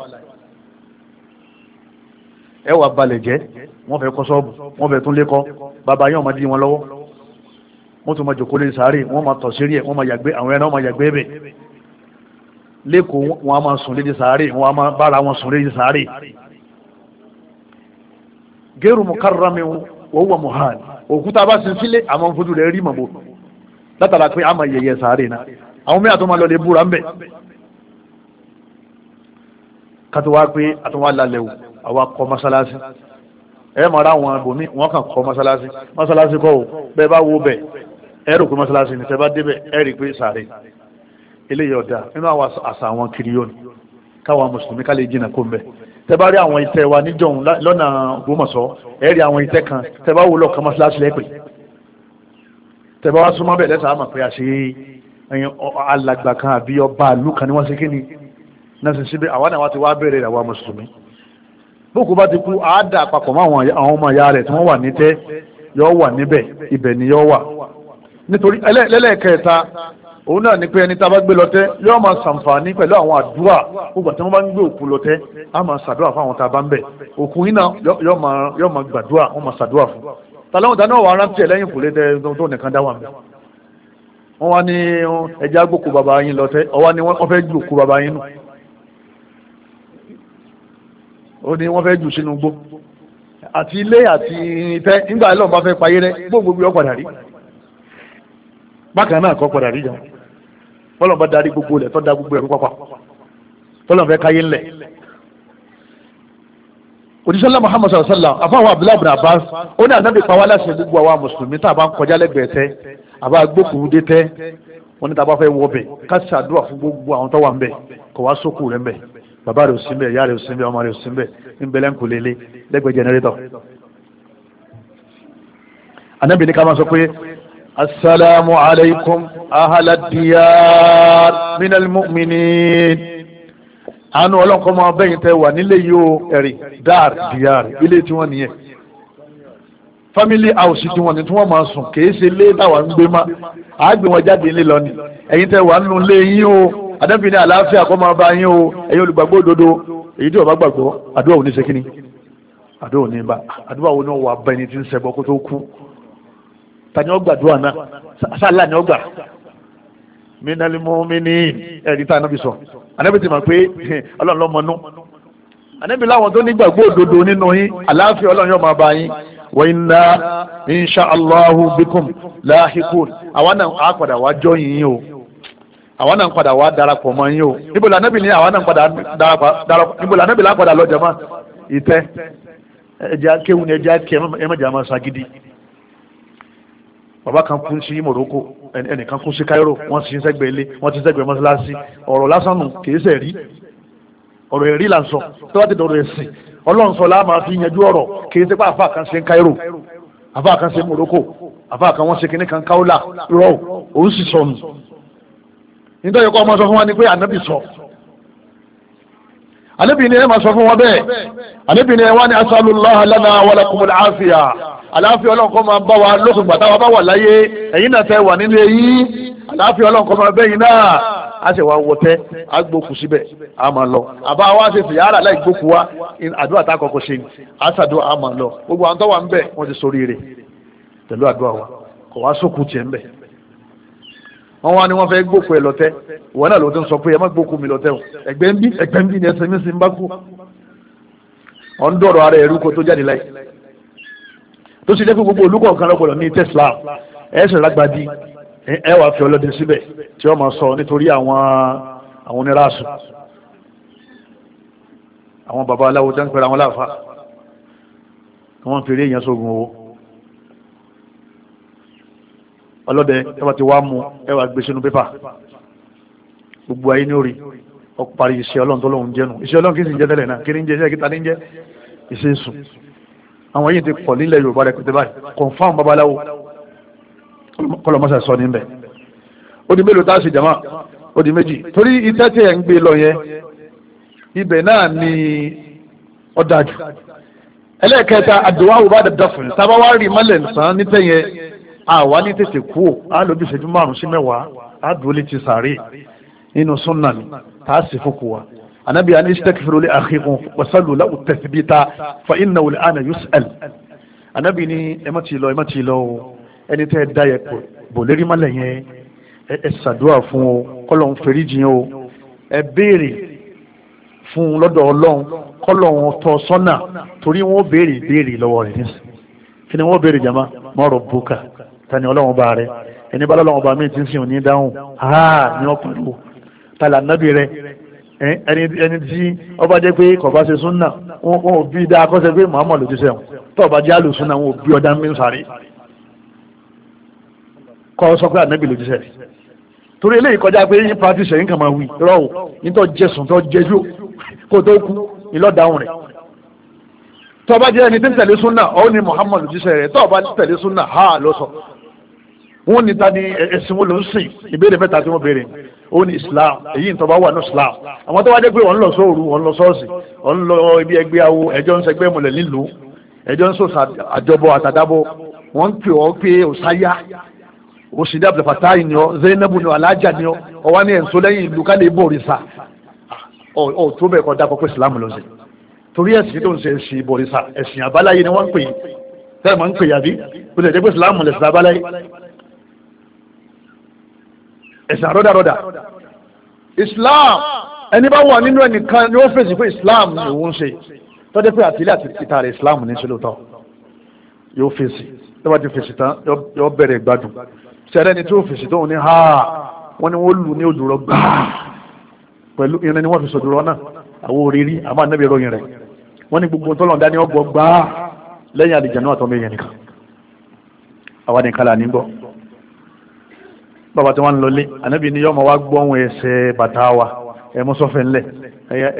ẹ wà balẹ̀ jẹ́ wọ́n fẹ́ kọ́ sọ́ọ̀bù wọ́n fẹ́ tún lékọ́ bàbá yẹn ọmọdé wọn lọ́wọ́ wọ́n tún máa jòkó lé sàárè wọ́n máa tọ̀ sírí ẹ̀ wọ́n máa yàgbé àwọn ẹran máa yàgbé bẹ̀ lẹ́kọ̀ọ́ wọn máa sùn lédi sàárè wọn máa bára wọn sùn lédi sàárè gẹ́rù mọ̀kárà mi wọ́n wọ̀ mohan òkúta bá sin sílé àwọn fojú rẹ̀ rí màbò látara pé àmà yẹyẹ sàárè náà àwọn mẹ́ta tó máa lọ lè búra ńbẹ̀ kátó wá pé àtúnwá lálẹ́ o àwa kọ́ mọ́sálásí ẹ máa ra àwọn abòmí wọn kàn kọ́ mọ́sálásí mọ́sálásí kọ́ o bẹ́ẹ̀ bá wo bẹ́ẹ̀ ẹ rò pé mọ́sálásí ni tẹ́ bá débẹ̀ ẹ rí pé sàárè eléyìí ọ̀dà nínú àwọn àṣà àwọn kiriyóni káwọn mùsùlùmí ká lè jìnnà kó ń bẹ́ẹ̀ tẹ́bá rí àwọn iṣẹ́ wa níjọ̀hún lọ́nà Ògbómọ̀ṣọ́ ẹ rí àwọn iṣẹ́ kan tẹ́bá wò lọ́ọ̀kan mọ́ṣáláṣí lẹ́pẹ́ tẹ́bá wá súnmọ́ bẹ̀rẹ̀ sáà mọ̀ pé àṣẹ alàgbà kan àbí ọba àlú kan ni wọ́n ṣe kí ni náà ṣe síbẹ̀ àwa náà ti wá bẹ̀rẹ̀ àwa mùsùlùmí bókù bá ti kú àádà àpapọ̀ mọ́ àwọn ọmọ ìyá rẹ̀ tí wọ́n wà ní tẹ́ yọ wà níbẹ̀ ibẹ̀ ni yọ wà nítorí ẹlẹ́ẹ̀kẹta òun náà ni pé ẹni tá a bá gbé lọ́tẹ́ yóò máa ṣàǹfààní pẹ̀lú àwọn àdúrà gbogbo àti wọn bá ń gbé òkú lọ́tẹ́ á máa ṣàdúrà fún àwọn tá a bá ń bẹ̀ òkú yín náà yóò máa gbàdúrà wọn máa ṣàdúrà fún tàlọ́hùn tá náà wà rántí ẹ̀ lẹ́yìn fòlé tẹ tó nìkan dá wà mí. wọ́n wá ní ẹja gbòkú bàbá yín lọ́tẹ́ ọwá ni wọ́n fẹ́ ju òkú bàbá yín nù ó ní wọ́n fẹ́ jù sínú gbó àti ilé àti ìtẹ́ nígbà ẹlọ́run bá fẹ́ payé rẹ gbogbo gbogbo ọ̀padà rí bákan náà kọ́ padà rí jẹun bọ́lọ̀ bá darí gbogbo rẹ̀ tó da gbogbo ẹ̀rú pápá bọ́lọ̀ fẹ́ káyé ńlẹ̀ òdìsọ́lá muhammad sallallahu afáwọn abdullahi abbas ó ní ànábì pa wá láṣẹ gbogbo àwa mùsùlùmí tá a bá ń kọjá lẹ́gbẹ̀ẹ́ tẹ́ àbá gbókùú dé tẹ́ wọn ní tàbá fẹ́ wọ bẹ̀ ká ṣàdúrà fún gbogbo àwọn tó wà ń bẹ̀ kò wá sókù rẹ̀ ń bẹ̀ bàbá rẹ̀ ò sí ń bẹ̀ ìyá rẹ̀ ò sí ń bẹ̀ ọmọ rẹ̀ ò sí ń bẹ̀ ń bẹ̀ lẹ́ńkù lélẹ̀ lẹ́gbẹ̀ẹ́ jẹnẹrétọ̀ ànábì ní ká máa sọ pé السلام عليكم أهل الديار من المؤمنين anu ọlọ́nkọ́ máa bẹ́yìn tẹ́ wà nílé yóò ẹ̀rì dáàr díàr ilé tí wọ́n nìyẹn family house tí wọ́n ní tí wọ́n máa sùn kìí ṣe lé dáwà ń gbé má àgbè wọn jáde nílé lọ ni ẹ̀yin tẹ́ wà nínú ilé yín o adébìnrin àlàáfíà kọ́ máa bá yín o ẹ̀yin olùgbàgbọ́ òdodo èyí tí ò bá gbàgbọ́ àdúrà òní ṣe kíni àdúrà òní bá àdúrà òní wà bá ẹni tí ń ṣẹbọ kó tó kú tani ọgbà dùn àná sálà ni ọgbà mínálímọ́míní ẹ̀rí tá anábì sọ anábì ti mọ̀ pé ọlọ́run lọ́mọnú anábì láwọn tó nígbàgbọ́ òdodo nínú yín àlàáfíà ọlọ́run yóò máa bá yín wa inna insha allahu bikum lahikun àwa náà á padà wá jọ yín o àwa náà padà wá darapọ̀ mọ́ yín o níbo la anábì ní àwa náà padà darapọ̀ níbo la anábì lápadà lọ jama ìtẹ́ ẹja kéwù ni ẹja kẹ ẹ má jà sagidi bàbá kan kú sí Morocco ẹnìkan kú sí Cairo wọ́n sì ń sẹ́gbẹ̀ ilé wọ́n ti ń sẹ́gbẹ̀ mọ́ṣáláṣí ọ̀rọ̀ lásán nù kì í rí ọ̀rọ̀ ẹ̀rí là ń sọ tó bá ti dọ̀rọ̀ ẹ̀sìn ọlọ́run sọ fi yanjú ọ̀rọ̀ kì í sẹ́pà àfa kan sí Cairo àfa kan sí Morocco àfa kan wọ́n ṣe kinní kan Kaula rọ̀ òun sì sọnù nítorí kọ́ ọmọ sọ fún wa ni pé ànábì sọ alebi ni ẹ ma sọ fún wọn bẹ́ẹ̀ alebi ni ẹ wá ní asalullah lana wàlá kumul afiya aláfíà ọlọ́nkọ́ máa bá wa lókun gbàtà wa bá wà láyé ẹ̀yin náà tẹ wà nílé yìí aláfíà ọlọ́nkọ́ máa bẹ́yìn náà a sì wá wọtẹ́ a gbókù síbẹ̀ a máa lọ àbá wa ṣe fìyà ara láì gbókù wa àdúrà tá a kọ́kọ́ ṣe ni a ṣàdúrà a máa lọ gbogbo àwọn tó wà ń bẹ̀ wọ́n ti sórí rẹ̀ pẹ̀lú àdúrà wa kò wá sókù tiẹ̀ ń bẹ̀ wọ́n wá ní wọ́n fẹ́ gbókò ẹ̀ lọ́tẹ́ ìwọ náà ló sọ pé ẹ má gbókò mi lọ́tẹ́ o ẹ̀gbẹ́ ń bí ẹ̀gbẹ́ ń bí ni ẹsẹ̀ mi sì ń bá kú ọ̀n dọ̀rọ̀ ara ẹ̀rú kó tó jáde láì tó sì dẹ́kun gbogbo olùkọ́ kan lọ́pọ̀lọ́ ní tesla ẹ̀sẹ̀ lágbàdì ẹ wàá fi ọlọ́dẹ síbẹ̀ tí wọ́n máa sọ nítorí àwọn àwọn oníraṣù àwọn baba aláwo tẹ́ ń pẹ́ra wọn láàfa wọ́n fi rí èèyàn sógun owó ọlọ́dẹ ẹ bá ti wá mú ẹ wá gbé sínú pépà gbogbo ayé ní orí ó parí iṣẹ́ ọlọ́run tó lóun jẹ́nu iṣẹ́ ọlọ́run kì í sì jẹ́ tẹ́lẹ̀ náà kí ni ń jẹ́ iṣẹ́ kíta ní jẹ́ iṣẹ́ sùn àwọn yìí ti pọ̀ nílẹ̀ yorùbá rẹ̀ pété báyìí confam babaláwo kọlọmọsà sọ níbẹ̀ ó di mélòó tá jama ó di méjì torí iṣẹ́ tí ẹ̀ ń gbé lọ yẹn ibẹ̀ náà ni ó dájú ẹlẹ́ẹ̀kẹta àdùwáwò bá dàda fún un tábà wá rí mọ́lẹ̀ nsán nítẹ̀yẹ àwa ní tètè kú ò á lójú ìṣẹ́jú márùn sí mẹ́wàá á dúró létí sàárè nínú súnà ni tá a sì fòkù wa anabi ani istaghfiru li akhikum wasalu lahu tathbita fa innahu ana yus'al anabi ni ẹ má ti lọ ẹ má ti lọ o ẹni tẹ́ ẹ dá yẹ bò lérí má lẹ́yìn ẹ ẹ ṣàdúrà fún o kọ́lọ̀ ń ferí jìn o ẹ béèrè fún un lọ́dọ̀ ọlọ́run ń tọ́ sọ́nà torí wọ́n béèrè béèrè lọ́wọ́ rẹ̀ nísìnyí kí ni wọ́n béèrè jama mọ́rọ̀ bùkà tani ọlọ́run bá rẹ ẹni bá lọ́lọ́run bá mi ti ń sìn ní dáhùn ha ni wọ́n pẹ̀lú tala nábì rẹ ẹni tí ọba jẹ́ pé kọ̀ọ̀bá ṣe súnà wọn ò bí dáa kọ́sẹ̀ pé Muhammad ló ti sẹ́wọ̀n tó ọba jẹ́ àlù súnà wọn ò bí ọdá mi ń sáré kọ́ sọ pé ànábì ló ti sẹ́wọ̀n torí eléyìí kọjá pé yín pati sẹ́yìn kan máa wí rọ́ọ̀ nítọ́ jẹ̀sùn tó jẹjú kó tó kú ìlọ́dàún rẹ̀ tọ́ba jẹ́ ẹni tí ń tẹ̀lé súnà ó ní Muhammad ló ti tọ́ba tẹ̀lé súnà ha ló sọ wọ́n ní ta ni ẹ̀sìn wo ló ń sìn ìbéèrè mẹ́ta tí wọ́n béèrè ó ní islam èyí ń tọ́ba wà ní islam àwọn tó wá dé pé wọ́n lọ sóòru wọ́n lọ sọ́ọ̀sì wọ́n lọ ibi ẹgbẹ́ awo ẹjọ́ ń sẹgbẹ́ mọ̀lẹ̀ nílùú ẹjọ́ ń sòsà àjọbọ àtàdábọ wọ́n ń pè ọ́ pé òsáyà òsìdí abdulfata ni ọ zainabu ni ọ alájà ni ọ ọwá ní ẹ̀ǹso lẹ́yìn ìlú ká lè bọ̀ òrìṣà ọ tó bẹ̀ kọ́ dákọ̀ pé islam ló ṣe torí ẹ̀sìn tó ń ṣe ẹ̀sìn ìbọ̀rìṣà ẹ̀sìn àbáláyé ni wọ́n ń pè tẹ́lẹ̀ máa ẹ̀sìn àrọ́dàrọ́dà islam ẹni bá wà nínú ẹnìkan ni ó fèsì fún islam ni òun ṣe tọ́jú pé àtìlẹ́ àti ìta rẹ̀ islam ní sílò tán yóò fèsì lọ́wọ́ ti fèsì tán yóò bẹ̀rẹ̀ gbádùn sẹ́rẹ́ ni tí ó fèsì tóun ní ha wọ́n ní wọ́n lù ní òdùrọ̀ gbáà pẹ̀lú irin ni wọ́n fi sòdùrọ̀ náà àwọn òrírí àmọ́ ànábì ròyìn rẹ̀ wọ́n ní gbogbo tọ́lọ̀ dání ọgbọ̀ gbáà lẹ́yìn àlìjẹ̀ náà tọ́mọ èèyàn nìkan àwa nìkan là ní gbọ́ bàbá tí wọ́n ń lọlé ànábì ni yọ́mọ wá gbọ́hùn ẹsẹ̀ bàtà wa ẹ̀mú sọ́fẹ̀ ńlẹ̀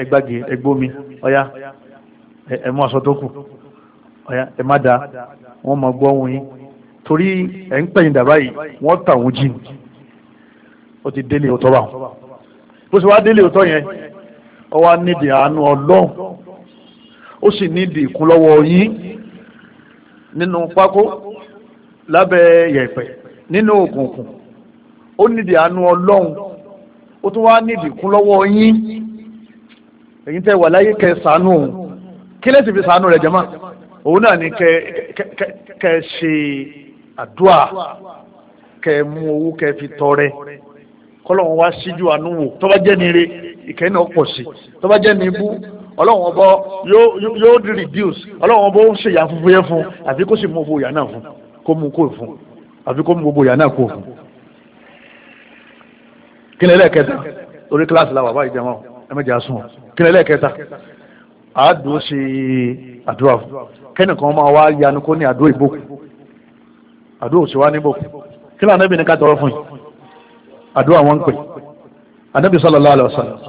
ẹgbàgì ẹgbómi ọ̀yá ẹ̀mú aṣọ tó kù ọ̀yá ẹ̀ má da wọ́n mọ gbọ́hùn yín torí ẹ̀ ń pẹ̀yìn dàbá yìí wọ́n tà wọ́n jì ó ti délé òótọ́ bá wọn bó ṣe wá délé òótọ́ yẹn ó wá nídìí àánú ọlọ́run ó sì nídìí ìkúnlọ́wọ́ yín nínú pákó lábẹ́ yẹ̀pẹ̀ nínú òkùnkùn ó nídìí àánú ọlọ́run ó tún wá nídìí kún lọ́wọ́ yín èyí tẹ́ wà láyé kẹ́ ṣàánú òun kí lè ti fi ṣàánú rẹ̀ jẹ́mọ́ òun náà ni kẹ́ kẹ́ ṣe àdúà kẹ́ mú owó kẹ́ fi tọrẹ kọ́lọ́run wá síjú àánú wò tó jẹ́ nire ìkẹ́ náà pọ̀ sí tó jẹ́ nibú ọlọ́run ọbọ yóò di reduce ọlọ́run ọbọ ó ṣèyà fúnfún yẹn fún àbí kó sì mú owó ìyá náà fún kó mú kó fún àbí kó mú gbogbo ìyá náà kó fún kíni ẹlẹ́ẹ̀kẹta orí kíláàsì làwọn àbá ìjẹmọ́ ẹmẹjà sùn kíni ẹlẹ́ẹ̀kẹta àádùn ṣe àdúrà fún kẹ́nì kan máa wá yanu kó ní àdúrà ìbò àdúrà òṣèwá níbò kí lànà ẹbí ní ká tọrọ fún yìí àdúrà wọn ń pè anábì sallallahu alaihi wasallam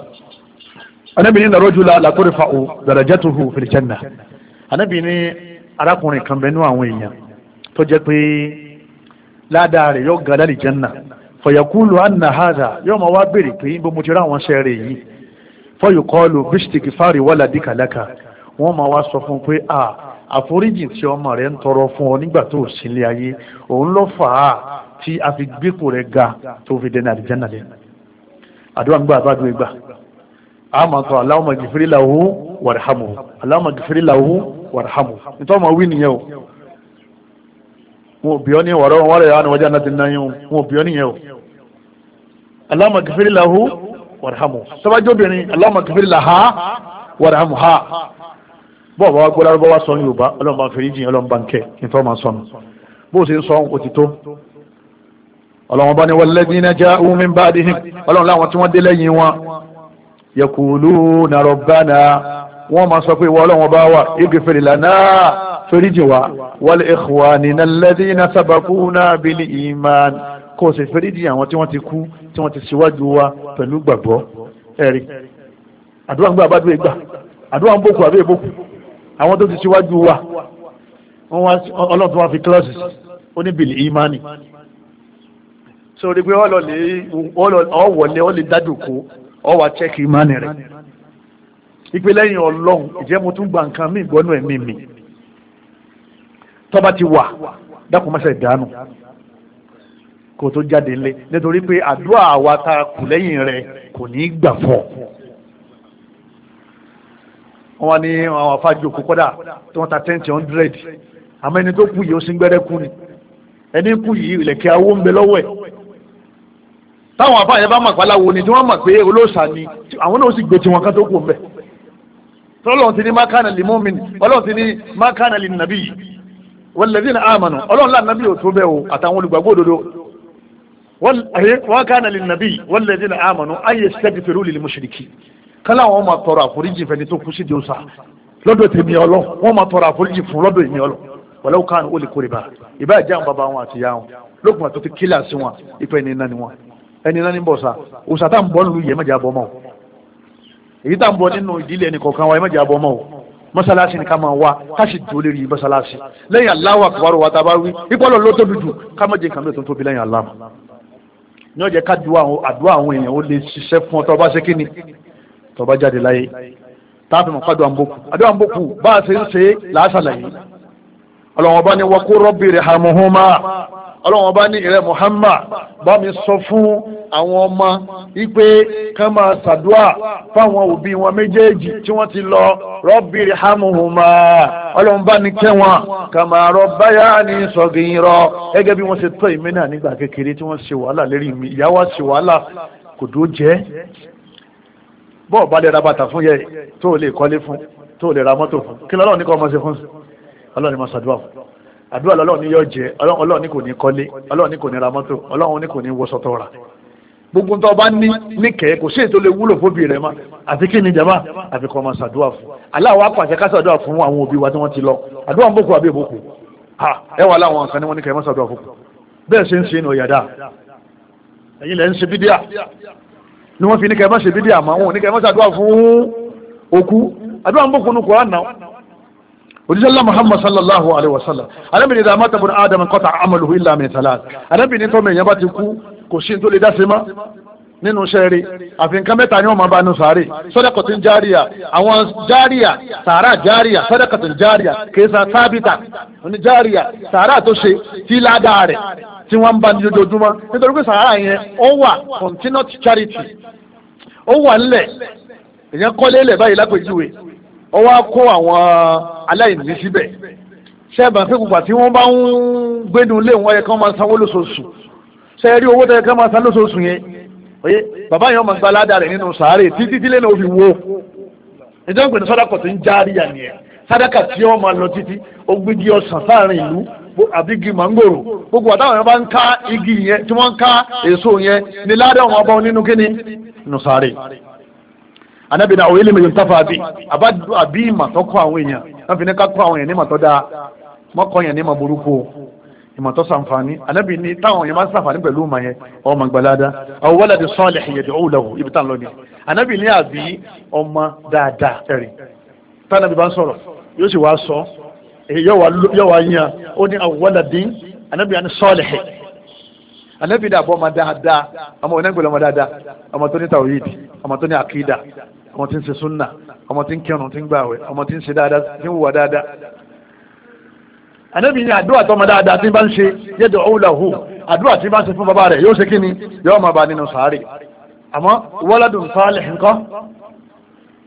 anábì ní larajula laturfa'u darajatuhu fil janna anábì ní arákùnrin kan bẹ́ẹ̀ nú àwọn èèyàn tó jẹ́ pé ládàá rẹ̀ yóò ga lálì janna fọ̀yàkúlù anna hada yóò máa wá béèrè pé bó mo ti rá àwọn sẹ́rẹ̀ yìí fọ́yùkọ́lù bíṣtìkì fárí wọ́là díkàlákà wọ́n máa wá sọ fún pé a àforíjì tí ọmọ rẹ̀ ń tọrọ fún ọ nígbà tó sílé ayé òun ló fà á tí a fi gbépo rẹ̀ ga tó fi dẹ́nà àdìjánà lẹ́nu àdúrà ń gbà àbádùn ìgbà a máa tọ Allahumma gìfìrí làwù wàrhàmù Allahumma gìfìrí làwù wàrhàmù nítorí ọmọ wí nìyẹn o wọn ò bí ọ ní wàrọ̀ wọn wà lẹ́yìn àwọn ọjà náà ti náyẹn o wọn ò bí ọ nìyẹn o. Allahumma ghfir lahu warhamu sọ́bàjọ́bìnrin Allahumma ghfir laha warhamu ha bọ́ọ̀ bá wá gbọ́dọ̀ bá wá sọ yorùbá ọlọ́run bá ń fèrè jìn ọlọ́run bá ń kẹ́ nítorí máa sọnù bó o ṣe ń sọ òtítọ́ ọlọ́run bá ní walladhina ja'u min ba'dihim ọlọ́run láwọn tí wọ́n dé lẹ́yìn wọn yaquluna rabbana wọ́n máa sọ pé ìwọ ọlọ́run bá wà ighfir lana fèrè jìn wa wal ikhwanina alladhina sabaquna bil iman kó o sì fẹ́ dídì àwọn tí wọ́n ti kú tí wọ́n ti síwájú wa pẹ̀lú gbàgbọ́ ẹ̀rí àdúrà ń gbà bá dúró gbà àdúrà ń bòkù àbí èbòkù àwọn tó ti síwájú wa ọlọ́run tó wá fi kílọ́ọ̀sì ó ní bìlì ìmánì sórí pé ọ̀wọ̀lẹ̀ ó lè dájú kó ọwà check ìmánì rẹ̀ ìpè lẹ́yìn ọlọ́run ìjẹ́ mo tún gba nǹkan mí ìgbọ́nú ẹ̀mí mi tọ́ba ti wà dákun mọ́sẹ̀ ìdánù kó tó jáde lé nítorí pé àdúrà wa ta kù lẹ́yìn rẹ̀ kò ní gbà fọ́ wọ́n ní àwọn afájú òkú kọ́dà tí wọ́n ta tẹ́ǹtì hundred àmọ́ ẹni tó kú yìí ó sì ń gbẹ́rẹ́ kú ni ẹni kú yìí ìlẹ̀kẹ̀ awó ń bẹ lọ́wọ́ ẹ̀ táwọn afáyẹ bá mọ̀ pàláwo ni tí wọ́n mọ̀ pé olóòṣà ni àwọn náà sì gbé tiwọn kan tó kù ń bẹ tọ́lọ́run ti ní mákànà lè mọ́mìn ọlọ́run ti ní mákànà lè nàbí wọ́n lẹ́dínà àmànà ọlọ́run láàbí ò tó bẹ́ẹ̀ o àtàwọn olùgbàgbọ́ òdodo wọ́n kàn lè nàbí wọ́n lè dín àmànú ayé sẹ́gìfẹ̀rù lè mùsùlùkì kálá wọn máa tọrọ àforíjì fẹ́ni tó kú sí di ọ̀sà lọ́dọ̀ tèmi ọlọ́ wọn máa tọrọ àforíjì fún lọ́dọ̀ èmi ọlọ́ wọ́lẹ́wọ́ kàn ó lè kórè bá ìbá ìjà ń bàbá wọn àti ìyá wọn lókùn àti ni wọn ẹni iná ni bọ̀ sá òsà tá à ń bọ́ nínú yẹ mẹ́jà bọ́ mọ́ èyí tá à ń bọ́ nínú ìdílé ẹnì kọ̀ọ̀kan wa mẹ́jà bọ́ ni ká máa wá ká sì dúró lérí mọ́sálásí lẹ́yìn wa tá a bá wí ipò ọlọ́run ló tóbi jù ká má jẹ́ nǹkan ní ọjọ́ ká àdúrà àwọn èèyàn ó lè ṣiṣẹ́ fún ọ tọba ṣe kí ni tọba jáde láyé táàfin mọ̀kádùn àmbòkù àdúrà àmbòkù bá a ṣe ń ṣe làásàlàyé ọlọ́wọ́n bá ní wọ́n kó rọ́bìrì hàmùhùn ọlọ́wọ́n bá ní ìrẹ́ Muhammad bá mi sọ fún àwọn ọmọ wípé ká máa ṣàdúà fáwọn òbí wọn méjèèjì tí wọ́n ti lọ Rabbi irhamuhuma ọlọ́wọ́n bá ní kẹwọn kama rabbayani saghira gẹ́gẹ́ bí wọ́n ṣe tọ́ ìmí náà nígbà kékeré tí wọ́n ṣe wàhálà lérí mi ìyá wa ṣe wàhálà kò dúró jẹ́ bọ́ọ̀ bá lè ra bàtà fún yẹ tó lè kọ́lé fún tó lè ra mọ́tò fún kí lọ́lọ́ ní kọ́ ọmọ ṣe fún ọlọ́ni máa ṣàdúrà fún àdúrà lọ́lọ́run ní yọ jẹ ọlọ́run ní kò ní kọ́lé ọlọ́run ní kò ní ra mọ́tò ọlọ́run ní kò ní wọṣọ rà gbogbo tó bá ní níkẹ́ kò sí ètò lè wúlò fóbi rẹ̀ ma àfi kí ni jama àfi kọ́ ma ṣàdúrà fún Allah wa pàṣẹ ká ṣàdúrà fún àwọn òbí wa tí wọ́n ti lọ àdúrà ń bòkù àbí ìbòkù ha ẹ wà láwọn nǹkan ni wọ́n ní kẹ́ ẹ má ṣàdúrà fún bẹ́ẹ̀ ṣe ń ṣe ní ọ̀yàdá ẹ̀yin lẹ́ ń ṣe bídíà ni wọ́n fi ní kẹ́ má ṣe bídíà mọ́ wọn ní kẹ́ má ṣàdúrà fún òkú àdúrà ń bòkù nù Kùránì náà òjíṣẹ́lá muhammad sallallahu alayhi wa sallam arábìnrin dàmá tàbí adam kọ́ta amaluhu illa min salat arábìnrin tó mẹ́yìn bá ti kú kò sí tó lè dá sí ma nínú iṣẹ́ rí àfi nǹkan mẹ́ta ni wọ́n máa bá nu sáré sọ́dọ̀kọ̀tún járíà àwọn járíà sàárà járíà sọ́dọ̀kọ̀tún járíà kèésà sábìtà ní járíà sàárà tó ṣe tí ládàá rẹ̀ tí wọ́n ń bá ní ojoojúmọ́ nítorí pé sàárà yẹn ó wà continued charity ó wà ńlẹ̀ èèyàn kọ́lé lẹ̀ báyìí lápèjúwe ó wá kó àwọn aláìní síbẹ̀ ṣẹ́ẹ̀bà pé pùpà tí wọ́n bá ń gbénu ilé wọn yẹ kí wọ́n máa sanwó lóṣooṣù ṣe rí owó tó yẹ kí wọ́n máa san lóṣooṣù yẹn oye bàbá yẹn máa gba aládàá rẹ̀ nínú sàárè títí tílé náà ó fi wo ìjọba ìpinnu sádàkọ̀ tó ń járí yà nìyẹn sádàkà tí wọ́n máa lọ títí ó gbégi ọ̀sán sáàrin ìlú àbí igi mangoro gbogbo àtàwọn yẹn bá ń ká igi yẹn tí wọ́n ń ká èso yẹn ni ládàá wọn bá wọn nínú kíni nù sàárè anabi na òye lè mẹyìn tafa bi àbádùn àbí ìmọ̀tọ́ kọ́ àwọn èèyàn wọ́n fi ní ká kọ́ àwọn èèyàn ní ìmọ̀tọ́ dáa wọ́n kọ́ èèyàn ní ìmọ̀ burúkú ìmọ̀tọ́ sànfàní anabi ní táwọn èèyàn máa ń sànfàní pẹ̀lú ìmọ̀ yẹn ọmọ gbalada àwọn waladi salih yad'u lahu ibi táwọn lọ ni anabi ní àbí ọmọ dáadáa ẹ̀rì tánabi bá ń sọ̀rọ̀ yóò sì wá sọ yóò wá yan ó ní àwọn waladi anabi ní salih anabi ní àbọ̀ ọmọ dáadáa ọmọ onígbèlè ọmọ dáadáa ọmọ tó ní tawhid ọmọ tó ní akida ọmọ tí ń ṣe súnà ọmọ tí ń kírun tí ń gbàwẹ̀ ọmọ tí ń ṣe dáadáa tí ń wùwà dáadáa ànábì ní àdúrà tọmọ dáadáa tí bá ń ṣe yẹjọ ọwúlàhù àdúrà tí bá ń ṣe fún bàbá rẹ̀ yóò ṣe kíni yóò máa bá nínú sàárè àmọ́ waladun salih nǹkan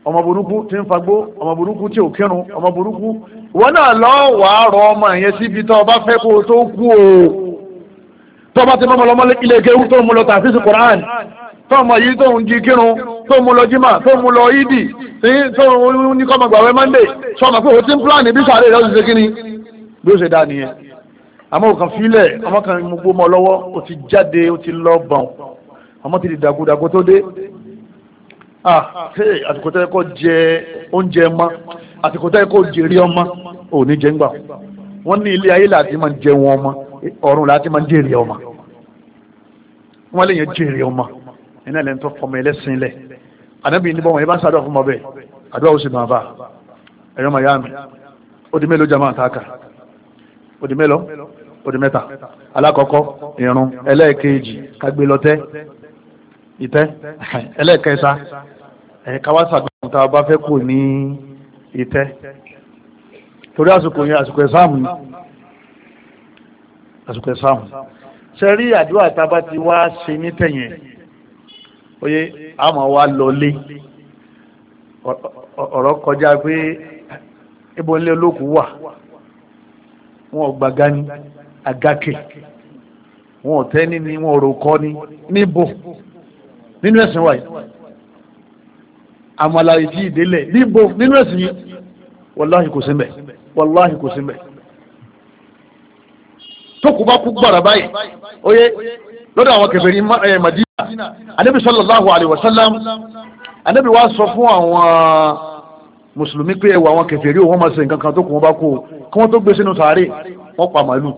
ọmọ burúkú tí ń fagbó ọmọ burúkú tí ò kírun ọmọ burúkú wọn náà lọ wàá rọ ọmọ yẹn síbi tó bá fẹ́ kó tó kú o tó bá ti mọ́ ilé kéwú tó mú lọ tàfíìsì Kùránì tó ọmọ yìí tó ń di, kírun tó mú lọ jímà tó mú lọ ídì tó ní kọ́mọ gbàwé mọ́ndé sọmọ pé o ti ń pílánì bí sàárè rẹ ó ti ṣe kíni bí ó ṣe dá nìyẹn àmọ́ òkan fílẹ̀ ọmọ kan mú gbó lọ́wọ́ ó ti jáde ó ti lọ bọ̀n ọmọ ti di dàgúdàgú tó dé ah hey àsìkò tẹ́ kó jẹ oúnjẹ mọ́ àsìkò tẹ́ kó jèrè ọmọ ò ní jẹ́ ń gbà wọ́n ní ilé ayé láti máa jẹ wọn ọmọ ọ̀run láti máa jèrè ọmọ wọ́n lè yẹn jèrè ọmọ iná ilẹ̀ ń tọ́ fọmọ ẹlẹ́sìn lẹ̀ ànábì níbọ̀ wọn yẹn bá ń sàdọ̀ fún ọmọ bẹ́ẹ̀ àdúrà ó sì máa bá ẹ̀yọ́ màá yá mi ó di mélòó jama àtàkà ó di mélòó ó di mẹ́ta alákọ̀ọ́kọ́ ìrun ẹlẹ́ẹ̀kejì kagbélọ́tẹ́ ìtẹ́ ẹlẹ́ẹ̀kẹsà ẹ̀káwá sàdọ̀kùn tá a bá fẹ́ kù ní ìtẹ́ torí àsìkò yẹn àsìkò ẹ̀sáàmù ni àsìkò ẹ̀sáàmù sẹ́rí àdúrà tá a bá ti wá ṣe nítẹ̀yìn oye àmọ́ wa lọlé ọ̀rọ̀ kọjá pé ibo nílé wà wọn gbàgá wọn tẹ́ni ni wọn ò ròkọ́ ni níbo nínú ẹ̀sìn wáyé àmàlà ìdílẹ̀ níbo nínú ẹ̀sìn yìí wọláhì kò símbẹ̀ wọláhì kò símbẹ̀ bá kú báyìí lọ́dọ̀ àwọn eh, anabi sallallahu alayhi wa sallam anabi wa sọ fún àwọn mùsùlùmí pé ẹwà àwọn kèfèrí òun máa ṣe nǹkan kan tó kù wọn bá kú kí wọn tó gbé sínú sàárè wọn pa màálù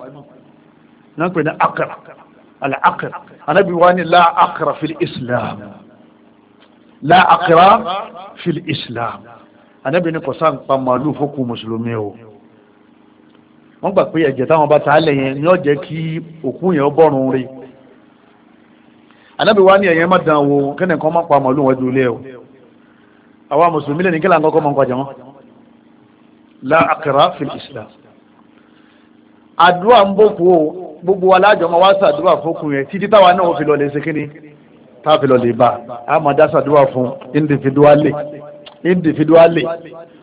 náà pè ní akara àlà akara anabi wa ni la akara fil islam la akara fil islam anabi ni kò sáà ń pa màálù fókù mùsùlùmí o wọn gbà pé ẹ̀jẹ̀ táwọn bá ta á lẹ́yìn ni ó jẹ́ kí òkú yẹn bọ́rùn rí anábì wá ní ẹ̀yẹ má dán wo kẹ́nì kan má pa màálù wọn dúlé o àwa mùsùlùmí lè kí làǹkọ́ kọ́ mọ́ nǹkan jẹ́ wọn la akara fil islam àdúrà ń bókù o gbogbo alájọ ọmọ wa sàdúrà fókun yẹn títí táwa náà fi lọ ṣe kíni tá a fi lọ bá a máa dá sàdúrà fún individually individually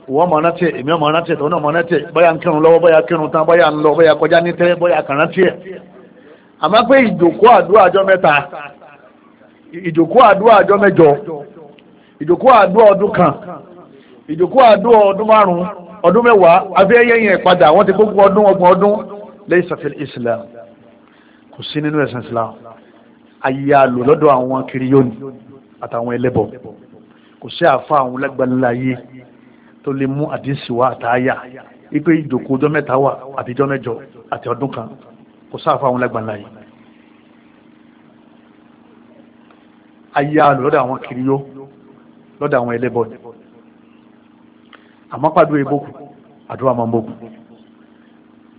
wọ́n mọ̀ rántí ẹ̀ èmi ọmọ rántí ẹ̀ tọ́ náà mọ̀ rántí ẹ̀ bóyá ń kírun lọ́wọ́ bóyá kírun tán bóyá ń lọ bóyá kọjá ní tẹ́ bóyá kàn rántí ẹ̀ àmọ́ pé ìjòkó àdúrà àjọ mẹ́ta ìjòkó àdúrà àjọ mẹ́jọ ìjòkó àdúrà ọdún kan ìjòkó àdúrà ọdún márùn ọdún mẹ́wàá abẹ́yẹ yẹn padà wọ́n ti gbogbo ọdún ọgbọ̀n ọdún laysa fil islam kò sí nínú ẹ̀sìn islam ayé àlò lọ́dọ̀ àwọn kiriyóni àtàwọn ẹlẹ́bọ kò sí àfa àwọn lágbàlá ayé tó lè mú àdínsì wa àtàyà ipe ìjòkó ọjọ́ mẹ́ta wà àtijọ́ mẹ́jọ àti ọdún kan kò sáà fáwọn lágbàlá ayé ayé àlù lọ́dọ̀ àwọn kiriyó lọ́dọ̀ àwọn ẹlẹ́bọ ni àmọ́ pàdúrà ìbòkù àdúrà máa ń bòkù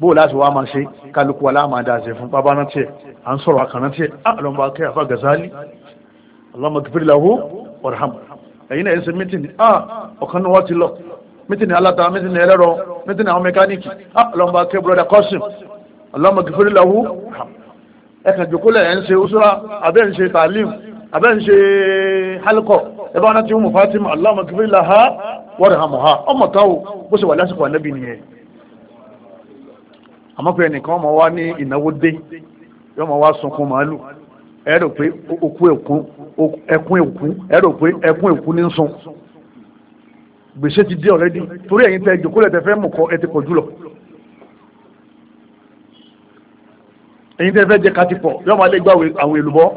bó láti wá máa ṣe kálukú wa láàmà dáṣe fún bàbá náà tiẹ̀ à ń sọ̀rọ̀ àkànná tiẹ̀ àlọ́mọ ah, akẹ́ àfa gazali Allahumma ghfir lahu warham ẹ̀yin náà ẹ̀ ń ṣe mítìnì ah, ọ̀kan náà wá ti lọ mítìnì aláta mítìnì ẹlẹ́rọ mítìnì àwọn mẹkáníìkì Allahumma akẹ́ broda Qasim Allahumma ghfir lahu warham ẹ̀kan jòkó lẹ̀ ẹ̀ ń ṣe usura abẹ́ ń ṣe tàlímù abẹ́ ń ṣe halkọ̀ ẹbá wọn ti mú Fatima Allahumma ghfir laha warhamha ọmọ táwò bó ṣe wà lásìkò ànábì nìyẹn àmọ́ pé ẹnìkan ọmọ wa ní ìnáwó dé yọmọ wa sunkún màálù ẹ rò pé òkú ẹkún ẹkún ẹkún ẹ rò pé ẹkún ẹkún ní sun gbèsè ti dé ọ̀rẹ́dì torí ẹ̀yin tẹ ìjòkó lẹ̀ tẹ fẹ́ mú kọ ẹ ti pọ̀ jùlọ ẹ̀yin tẹ fẹ́ jẹ ká ti pọ̀ yọmọ alẹ́ gbà àwọn èlùbọ́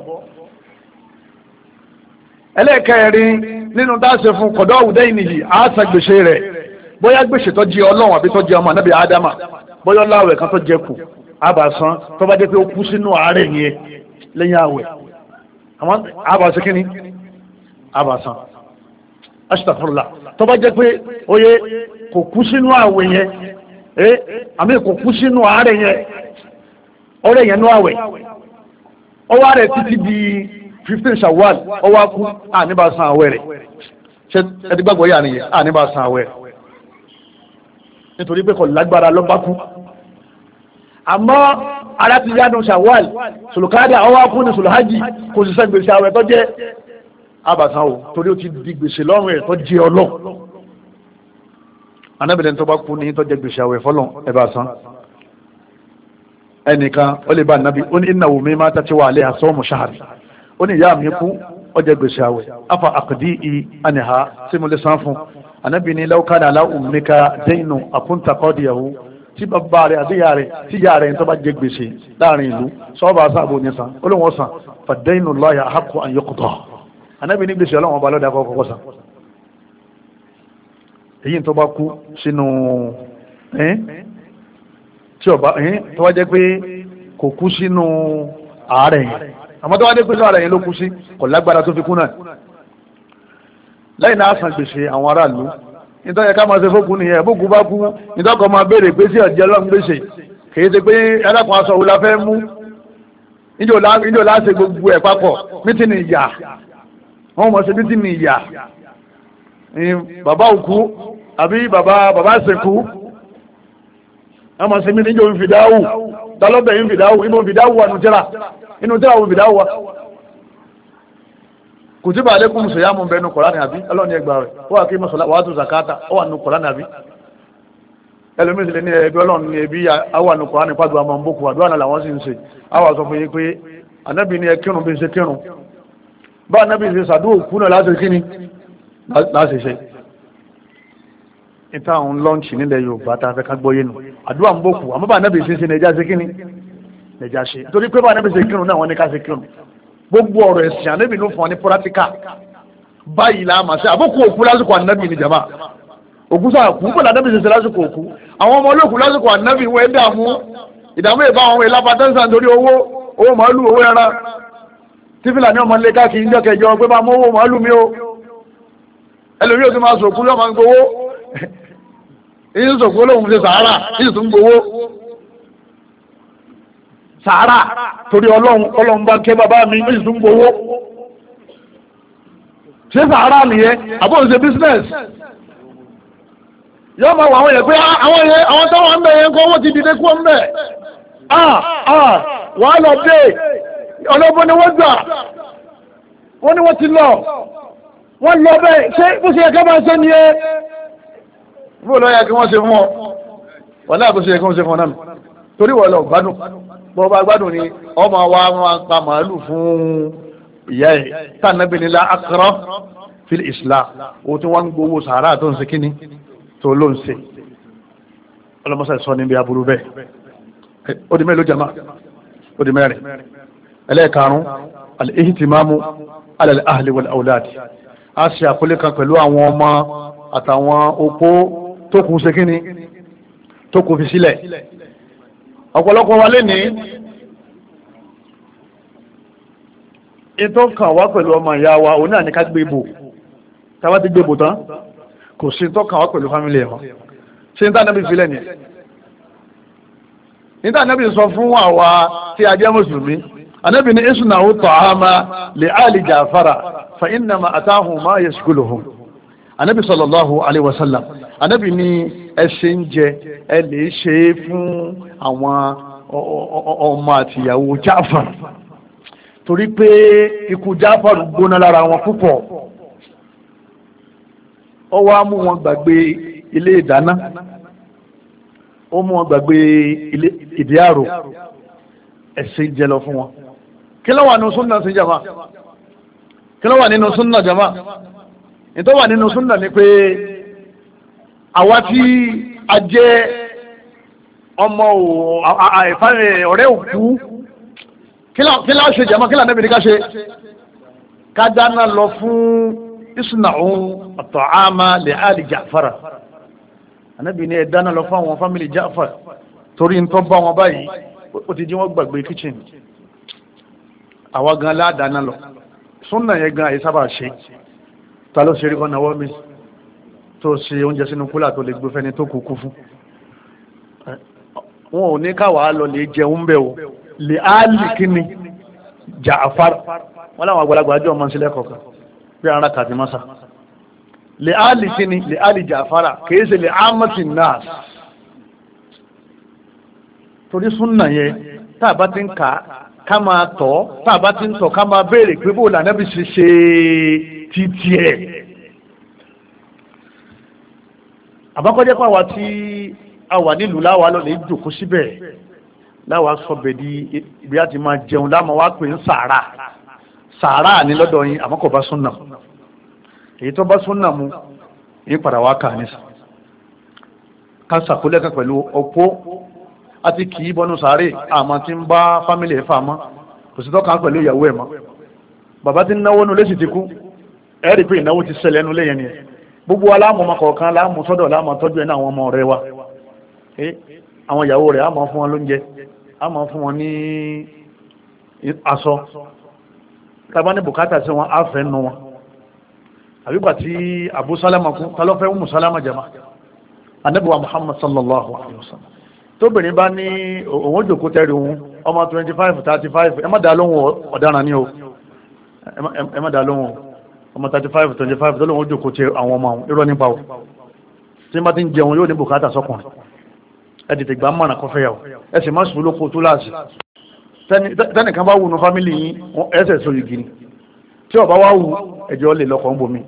ẹlẹ́ẹ̀kẹrin nínú dáṣe fún kọ̀dọ̀ òwúdẹ́ ìnìyí àásà gbèsè rẹ̀ bóyá gbèsè tó jẹ ọlọ́run àbí tó jẹ ọmọ ànábì ádámà bóyá láwẹ̀ kan tó jẹ kù àbàsán tó bá dé pé ó kú sínú àárẹ̀ yẹn lẹ́yìn àwẹ̀ àbàsán kínní àbàsán astaghfirullah tó bá jẹ́ pé oyè kò kú sínú àwẹ̀ yẹn ẹ́ àmì kò kú sínú àárẹ̀ yẹn ọ̀rẹ́ yẹn nú àwẹ̀ ọwọ́ rẹ̀ títí bíi fifteen shawwal ọwọ́ akú àníbà san àwẹ̀ rẹ̀ ṣe ẹtí gbàgbọ́ yà nìyẹn àníbà san àwẹ̀ nítorí pé kò lágbára lọ́ba kú àmọ́ ara ti yá nu shawwal sùlùkádà ọwọ́ akú ni sùlùhájì kò sì sẹ́ gbèsè àwẹ̀ tó jẹ́ àbàtàn o torí o ti di gbèsè lọ́rùn ẹ̀ tó jẹ́ ọlọ́ anábìrin tó bá kú ní tó jẹ́ gbèsè àwẹ̀ fọlọ́ ẹ̀ bá san ẹnìkan ó lè bá nàbí ó ní ìnáwó mi máa tàti wà lẹ́yà ó ní ìyá mi kú ọjà gbèsè àwẹ̀ afa àkàdí i àníhà tí mo lè san fún anabi ni lọ́kàdà aláwùmíkà dẹ́yìnù àkúntakọ́dìyàwó tí bàbá rẹ̀ àti ìyá rẹ̀ tí ìyá rẹ̀ tó bá jẹ gbèsè láàrin ìlú sọ́ọ̀bà sáàbò ní san ó lóun ọ̀sán fàdẹ́yìnù lọ́ọ̀yà àhàkù àyọkùtọ̀ anabi ní gbèsè ọlọ́wọ́n ọba lọ́dà kọ́kọ́ san èyí tó bá kú sínú tí ọba tó bá jẹ pé kò kú sínú àárẹ̀ yẹn àmọ́ tó wá dé pẹ̀lú ara yẹn ló kú sí kò lágbára tó fi kú náà lẹ́yìn náà san gbèsè àwọn aráàlú nítorí ẹ̀ka máa ṣe fókun nìyẹn fókun bá kú nítorí ọkọ̀ máa béèrè pé sí lọ́n gbèsè kì í ṣe pé ẹlẹ́kùn aṣọ wo la fẹ́ mú níjọ́ láṣẹ gbogbo ẹ̀ papọ̀ mítìnì ìyà wọ́n mọ̀ ṣe mítìnì ìyà bàbá òkú àbí bàbá bàbá ṣèkú a máa ṣe mí níjọ́ ìfìdáwù dálọ́bẹ̀ ìfìdáwù inú ìfìdáwù wa nùtẹ́ra inú tẹ́ra wo ìfìdáwù wa kò tí bá alẹ́kùn sèyá mú bẹnu kọ̀lá ní àbí ọlọ́ni ẹgbà rẹ̀ ó wà kí mọ́sọ̀lá wà á tún zakata ó wà nù kọ̀lá ní àbí ẹlòmíì sì lè ní ẹbí ọlọ́run ní ẹbí àwọn ànùkọ̀ á ní pàdù àmọ́ ń bókù àdúrà náà làwọn sì ń ṣe àwọn àsọ fún yín pé anábì ní ẹ kírun bí ń ṣe kírun bá anábì ṣe ṣàdúrà òkú náà láti kíni láti ṣe níta àwọn lọ́ǹchì nílẹ̀ yorùbá tá a fẹ́ ká gbọ́yé nù àdúrà ń bòkù àmọ́ bá anábì ṣe ń ṣe nàìjà ṣe kíni nàìjà ṣe torí pé bá anábì ṣe kírun náà wọ́n ní ká ṣe kírun gbogbo ọ̀rọ̀ ẹ̀sìn anábì ló fún ọ ní pọ́rátíkà báyìí la mà ṣe àbókù òkú lásìkò anábì ní jàmbá òkú sáà kú pẹ̀lú anábì ṣe ṣe lásìkò òkú àwọn ọmọ olókùn lásìkò anábì wọ́n ẹ̀ dààmú ìdààmú ìbá àwọn ìlápa tẹ́sán torí owó owó màálù owó ẹran tí fìlàní ọmọ ilé káàkiri ń jọ kẹjọ pé máa mú owó màálù mi o ẹlòmíì ò ti máa sòkú yóò máa ń gbowó èyí sọ̀gbọ́n lòun ṣe sàárà èyí tó ń gbowó sàárà torí ọlọ́run ọlọ́run bá kẹ́ bàbá mi èyí tó ń gbowó ṣé sàárà nìyẹn àbọ̀ ń ṣe business yóò máa wọ àwọn yẹn pé ah, àwọn yẹn àwọn táwọn ń bẹ̀ yẹn kó wọ́n ti dìde kú ń bẹ̀ ah ah wàá lọ dé ọlọ́bọ ni wọ́n gbà wọ́n ni wọ́n ti lọ wọ́n lọ bẹ́ẹ̀ ṣé bó ṣe yẹ ká máa ṣe nìyẹn bó lọ yà kí wọ́n ṣe fún ọ wọ́n láàbò ṣe kí wọ́n ṣe fún ọ náà torí wọ́n lọ gbádùn bọ́ bá gbádùn ni ọmọ wa máa pa màálù fún ìyá ẹ̀ tànàbìnilá akọrọ fil islam o tí wọ́n gbowó sàárà tó ń ṣe kíni tó ló ń ṣe ọlọ́mọṣẹ́ sọ níbi aburú bẹ́ẹ̀ ó di mélòó jama ó di mẹ́rin ẹlẹ́ẹ̀karùn-ún al-ihtimamu ala al a ṣe àkọlé kan pẹ̀lú àwọn ọmọ àtàwọn opó tó kù ṣe kíni tó kù fi sílẹ̀ ọ̀pọ̀lọpọ̀ wa lé ní ìtọ́ kan wá pẹ̀lú ọmọ ìyá wa òun náà ní ká gbé ibò táwa ti gbé ibò tán kò sí ìtọ́ kan wá pẹ̀lú fámílì ẹ̀họ́ ṣe ní tànàbí sílẹ̀ ni ní tànàbí sọ fún àwa tí a jẹ́ mùsùlùmí anábì ní ìsúná ó tọ̀ á ma lè áàlì jàfara fa ìnàmà àtàhùn máa yẹ sùkúlù hùn anábì sallallahu alaihi wasallam anabi ni ẹ ṣe ń jẹ ẹ lè ṣe é fún àwọn ọmọ àtìyàwó Jafar torí pé ikú Jafar gbóná lára wọn púpọ̀ ó wá mú wọn gbàgbé ilé ìdáná ó mú wọn gbàgbé ilé ìdí àrò ẹsẹ jẹ lọ fún wọn kí ló wà nínú súnà sí jama kí ló wà nínú súnà jama ìtọ́ nínú súnà ni pé àwa tí a jẹ́ ọmọ ọ̀rẹ́ òkú kí láà ṣe jẹ́mọ́ kí láà nẹ́bìnrin ká ṣe ká dáná lọ fún ìsúná òun ọ̀tọ̀ àmà lè àlì jàfàrà ànábì ni ẹ dáná lọ fún àwọn fámìlì jàfàrà torí ń tọ́ bá wọn báyìí ó ti jí wọ́n gbàgbé kitchen àwa gan láà dáná lọ súnà yẹn gan àyè sábà ṣe ta ló ṣe rí kan náà wọ́n mi tó ṣe oúnjẹ sínú kúlà tó lè gbé fẹ́ni tó kúkú fún wọn ò ní káwàá lọ lè jẹun bẹ́ẹ̀ o lè áàlì kíni Jaafar wọn láwọn àgbàlagbà àjọ ọmọ sílẹ̀ kọ̀ọ̀kan bí ara kàti mọ́sá lè áàlì kíni lè áàlì Jaafara kìí ṣe lè ámọ́tì náà torí súnà yẹn tá a bá ti ń kà ká máa tọ̀ tá a bá ti ń tọ̀ ká máa béèrè pé bó lànà bí ṣe ṣe títí ẹ̀. àbákọ́jẹ́ pé àwa tí a wà nílùú láwa lọ́lẹ̀ jòkó síbẹ̀ láwa sọ bèdí ibi àti máa jẹun láàmú wa pè ń sàárà sàárà ní lọ́dọ̀ yín àmọ́ bá súnà èyí tó bá súnà mu yín padà wá kà nísà ká sàkólẹ́kà pẹ̀lú ọ̀pọ̀ àti kì í bọnú sàárè àmọ́ tí ń bá fámìlì ẹ̀fà mọ́ kò sí tọ́ka pẹ̀lú ìyàwó ẹ̀ mọ́ bàbá tí ń náwó nu sì ti kú ẹ̀ẹ́dì pé ìnáwó ti ṣẹlẹ̀ nu lẹ́yìn ni ẹ̀ gbogbo aláàmù ọmọ kọ̀ọ̀kan láàmù sọ́dọ̀ láàmù tọ́jú ẹ̀ náà àwọn ọmọ rẹ wa àwọn ìyàwó rẹ̀ àmọ́ fún wọn lóúnjẹ àmọ́ fún wọn ní aṣọ tàbá ní sí Abu Salama kú Salama jama anábíwa Muhammad sallallahu alayhi wa sallam tóbìnrin bá ní òun jòkó òun ọmọ 25 35 o o ọmọ 35 25 tó lóun ó jòkó ti àwọn ọmọ àwọn irọ́ nípa o tí bá ti ń jẹun yóò ní bùkátà sọkùnrin ẹ tètè gbà mọ̀nà kọfẹ́ yà o ẹ sì má sùn lóko tó láàsì tẹnìkan bá wù nù fámìlì yín ẹsẹ̀ sọ yìí gini tí ọba wá wù ẹjọ́ lè lọ́kọ̀ ń bomi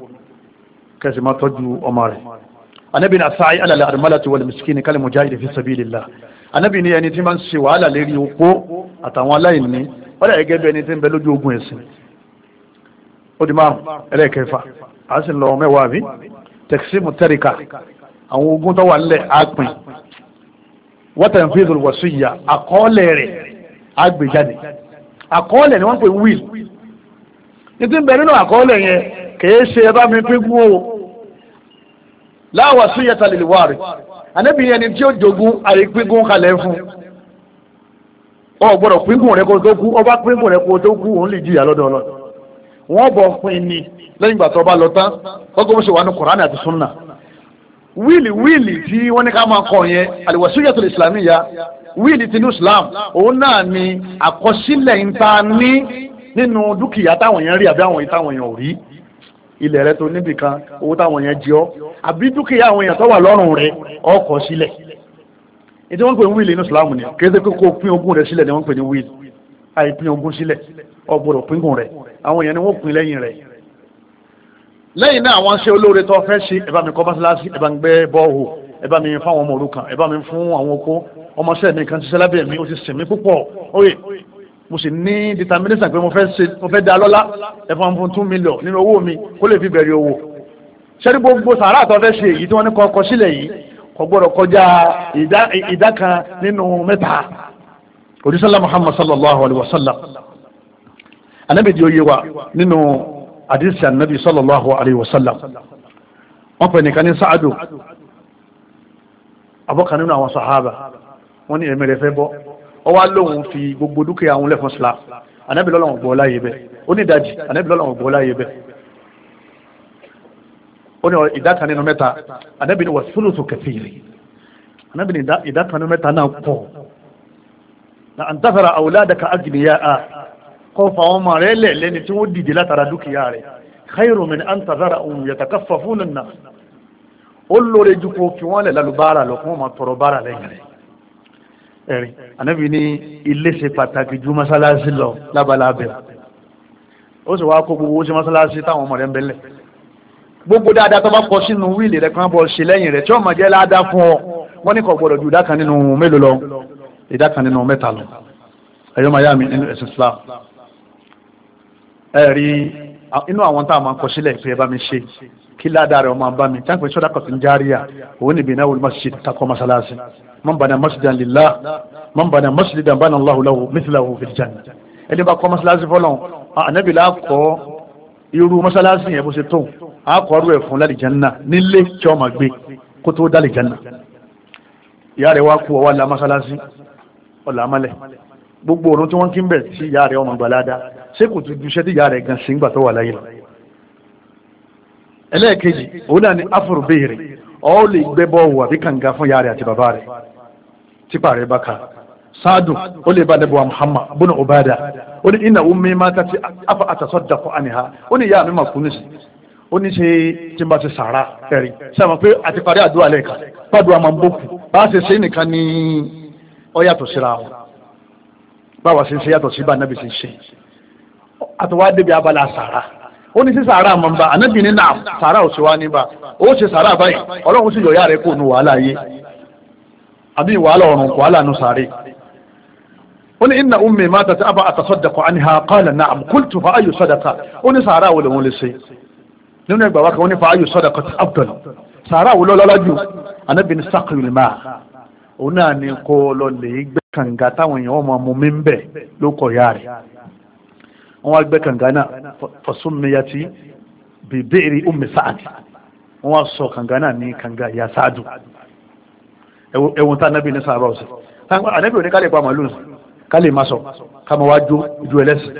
kẹsì má tọ́jú ọmọ rẹ̀ anabi na sáyé alàlẹ́ àdìmọ́lá ti wọlé mùsùlùmí kálí mujahid fi sabilillah anabi ni ẹni tí máa ń ṣe wàhálà lérí opó àtàwọn aláìní wọ́n dà gẹ́gẹ́ bí ẹni tí ń bẹ lójú ogun ẹ̀sìn ó di márùn ẹlẹ́ẹ̀kẹfà a sì lọ mẹ́wàá bí tẹ̀símù tẹ́ríkà àwọn ogun tó wà nílẹ̀ àpìn wọ́tẹ̀ ń fi ìdòlùwọ̀ àkọọ́lẹ̀ rẹ̀ àgbèjáde àkọọ́lẹ̀ ni wọ́n pè wíl títí ń bẹ nínú àkọọ́lẹ̀ yẹn kìí ṣe ẹ bá mi pín gún o láwà sí ìyẹta lè wà rẹ̀ ànábì yẹn ni tí ó jogún àìpíngún kalẹ̀ fún ọ gbọ́dọ̀ píngún rẹ kó tó kú ọba píngún rẹ kó tó kú òun lè jìyà lọ́dọọlọ́dọ̀ wọ́n bọ̀ fún ẹni lẹ́yìn ìgbà tó bá lọ tán ọgbọ́n mo ṣe wà ní Kùránì àti súnà wíìlì wíìlì tí wọ́n ní ká máa kọ yẹn àlùwàsíyàtò ìsìlámìyà wíìlì tinú Islam òun náà ni àkọsílẹ̀ ń ta ní nínú dúkìá táwọn yẹn rí àbí àwọn ìtàwọn yẹn ò rí ilẹ̀ rẹ tó níbì kan owó táwọn yẹn jẹ ọ́ àbí dúkìá àwọn èèyàn tó wà lọ́rùn rẹ ó sílẹ̀ ètò wọn pè ní wíìlì inú Islam ni kí ẹ kó pín ogún rẹ sílẹ̀ ni wọ́n pè ní wíìlì àìpín ogún sílẹ̀ ó gbọ́dọ̀ pínkùn rẹ̀ àwọn èèyàn ni wọ́n pin lẹ́yìn rẹ̀ lẹ́yìn náà àwọn ṣe olóore tó fẹ́ ṣe ẹ bá mi kọ́ mọ́ṣáláṣí ẹ bá mi gbẹ́ bọ́ọ̀hù ẹ bá mi fáwọn ọmọ òrukàn ẹ bá mi fún àwọn okó ọmọṣẹ́ mi kan ṣiṣẹ́ lábẹ́ mi ó ti sìn mí púpọ̀ oye mo sì ní determination pé mo fẹ́ ṣe mo fẹ́ da lọ́lá ẹ fún fún two million nínú owó mi kó lè fi bẹ̀rẹ̀ owó ṣẹ́ni gbogbo sàrà àtọ́ fẹ́ ṣe èyí tí wọ́n ní kọ́ kọ sílẹ̀ yìí kò gbọ́dọ̀ kọjá ìdá kan nínú mẹ́ta òjísọ́lá Muhammad sallallahu alayhi wa sallam anabi di oye wa nínú hadisi anabi sallallahu alayhi wa sallam wọ́n pè nìkan ní sáàdù abọ́kan nínú àwọn sahaba wọ́n ní ẹ̀mí rẹ̀ fẹ́ bọ́ ọ wá lóun fi gbogbo dúkìá òun lẹ́fún sílá anabi lọ́lọ́wọ̀n gbọ́ láyé bẹ́ ó ní ìdajì anabi lọ́lọ́wọ̀n gbọ́ láyé bẹ́ ó ní ìdákan nínú mẹ́ta anabi ni wà sulusu kathiri anabi ni ìdákan nínú mẹ́ta náà pọ̀ na àǹtàfẹ́ra àwòlá àdàkà àgìnìyà a kọ́ fa àwọn ọmọ rẹ̀ lẹ̀ lẹ́ni tí wọ́n dìde látara dúkìá rẹ̀ khairu min an tazara ohun yatakaffafuna an-nas ó lóore ju kó kí wọ́n lẹ̀ lálùbárà lọ kí wọ́n máa tọrọ bárà lẹ́yìn rẹ̀ ẹ̀rìn ànábì ní ilé ṣe pàtàkì ju mọ́sálásí lọ lábala abẹ ó sì wáá kó gbogbo owó sí táwọn ọmọ rẹ̀ ń bẹ́lẹ̀ gbogbo dáadáa tó bá kọ sínú wíìlì rẹ̀ kan bọ̀ ṣe lẹ́yìn rẹ̀ tí ọmọ jẹ́ ládàá fún ọ wọ́n ní kò gbọ́dọ̀ ju ìdá kan nínú mélòó lọ ìdá kan nínú mẹ́ta lọ ẹ̀yọ́ màyá mi nínú ẹ̀sìn Islam ẹ̀rí inú àwọn tá a máa kọ sílẹ̀ pé ẹ bá mi ṣe kí ládàá rẹ̀ ọmọ bá mi táǹpẹ̀ sọ́dà kọ̀tún járíà òun níbi náà wọlé masjid takọ masalasi man bana masjidan lillah man bana masjidan bana Allahu lahu mithlahu ẹni bá kọ́ masalasi fọlọ́n ànábì kọ́ irú masalasi yẹn bó ṣe tó a kọ́ rú ẹ̀ fún lálẹ́ janna nílé tí ọ máa gbé kó tó dálẹ́ janna ìyá rẹ̀ wá kú ọwọ́ la masalasi ọ̀làmálẹ̀ gbogbo òrùn tí wọ́n kí ń bẹ̀ sí ìyá rẹ̀ ṣé kò tún iṣẹ́ tí ìyá rẹ̀ gan sí ńgbà wà láyé lọ. ẹlẹ́ẹ̀kejì òun náà ni afro béèrè ọ́ lè gbẹ́ bọ́ọ̀wù àbí kànga fún ìyá rẹ̀ àti bàbá rẹ̀ típa rẹ̀ bá ka sáádùn ó lè bá dẹ́bọ̀ Muhammad bùnà Ubada ó ina inna ummi mata ti afa atasaddaqu anha ó ní ìyá mi mà kú nísì ó ní ṣe tí n bá ti sàrà ẹ̀rí sábà pé àti parí àdúrà lẹ́ẹ̀ka pàdùn àmọ́ bókù bá a ṣe ṣe nìkan ní ọ yàtọ̀ síra wọn báwa ṣe ń ṣe yàtọ̀ sí bá nàbì ṣe ń ṣe àtúwá débi abala sàrà ó ní sí sàrà máa ń bá ànábì ní náà sàrà ò sí wá níbà ó ṣe sàrà báyìí ọlọ́run sì yọ̀yà rẹ̀ kò nu wàhálà yé àbí wàhálà ọ̀run wàhálà nu sàrè ó ní inna ummi matat aba atasaddaqu anha qala na'am qultu fa ayu sadaqa ó ní sàrà wo lòun lè ṣe nínú ẹgbàá wákàtí ó ní fa ayu sadaqa ti abdul sàrà wo lọ́lọ́lá jù ànábì ní wọ́n wá gbẹ́ kànga náà fọ̀súnmiyàtì bèbèrè Ummi Sa'ad wọ́n wá sọ kànga náà ní kànga ìyá Sa'adu ẹ̀wọ̀n tá anábì ní sàárọ̀ ọ̀sẹ̀ anábì ò ní kálẹ̀ pa màlúù kálẹ̀ má sọ káma wá jó ju ẹlẹ́sìn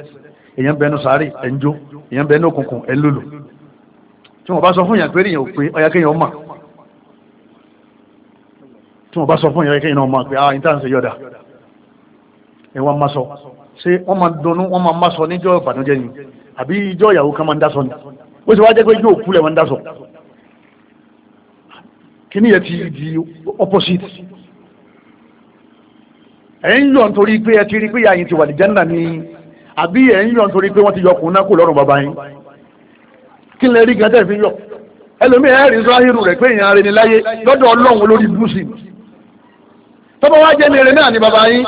èèyàn bẹnu sàárì ẹ̀ ń jó èèyàn bẹnu òkùnkùn ẹ̀ ń lòlò tí wọ́n bá sọ fún yàn pé èèyàn ò pé ọ̀yà kéèyàn mà tí wọ́n bá sọ fún yàn kéèyàn mà pé ah ìtàn ṣe yọ̀dà ẹ̀ wọ́n má sọ ṣé wọ́n máa dunnú wọ́n máa máṣọ níjọ́ ìbànújẹ́ ni àbí ìjọ́ ìyàwó kan máa ń dáṣọ ni ó sì wá jẹ́ pé yóò kú lẹ̀ máa ń dáṣọ kíní yẹn ti di opposite ẹ̀ ń yọ̀ nítorí pé ẹ ti rí pé yàyìn ti wà ní jẹ́ńdà ni àbí ẹ̀ ń yọ̀ nítorí pé wọ́n ti yọ ọkùnrin náà kò lọ́rùn bàbá yín kí lè rí gẹ́gẹ́ fi yọ̀ ẹlòmí ẹ̀rí sọ́hírù rẹ̀ pé èèyàn rẹ̀ ní láyé lọ́dọ̀ ọlọ́run lórí búùsì tọ́bọ̀ wá jẹ́ ní eré náà ni bàbá yín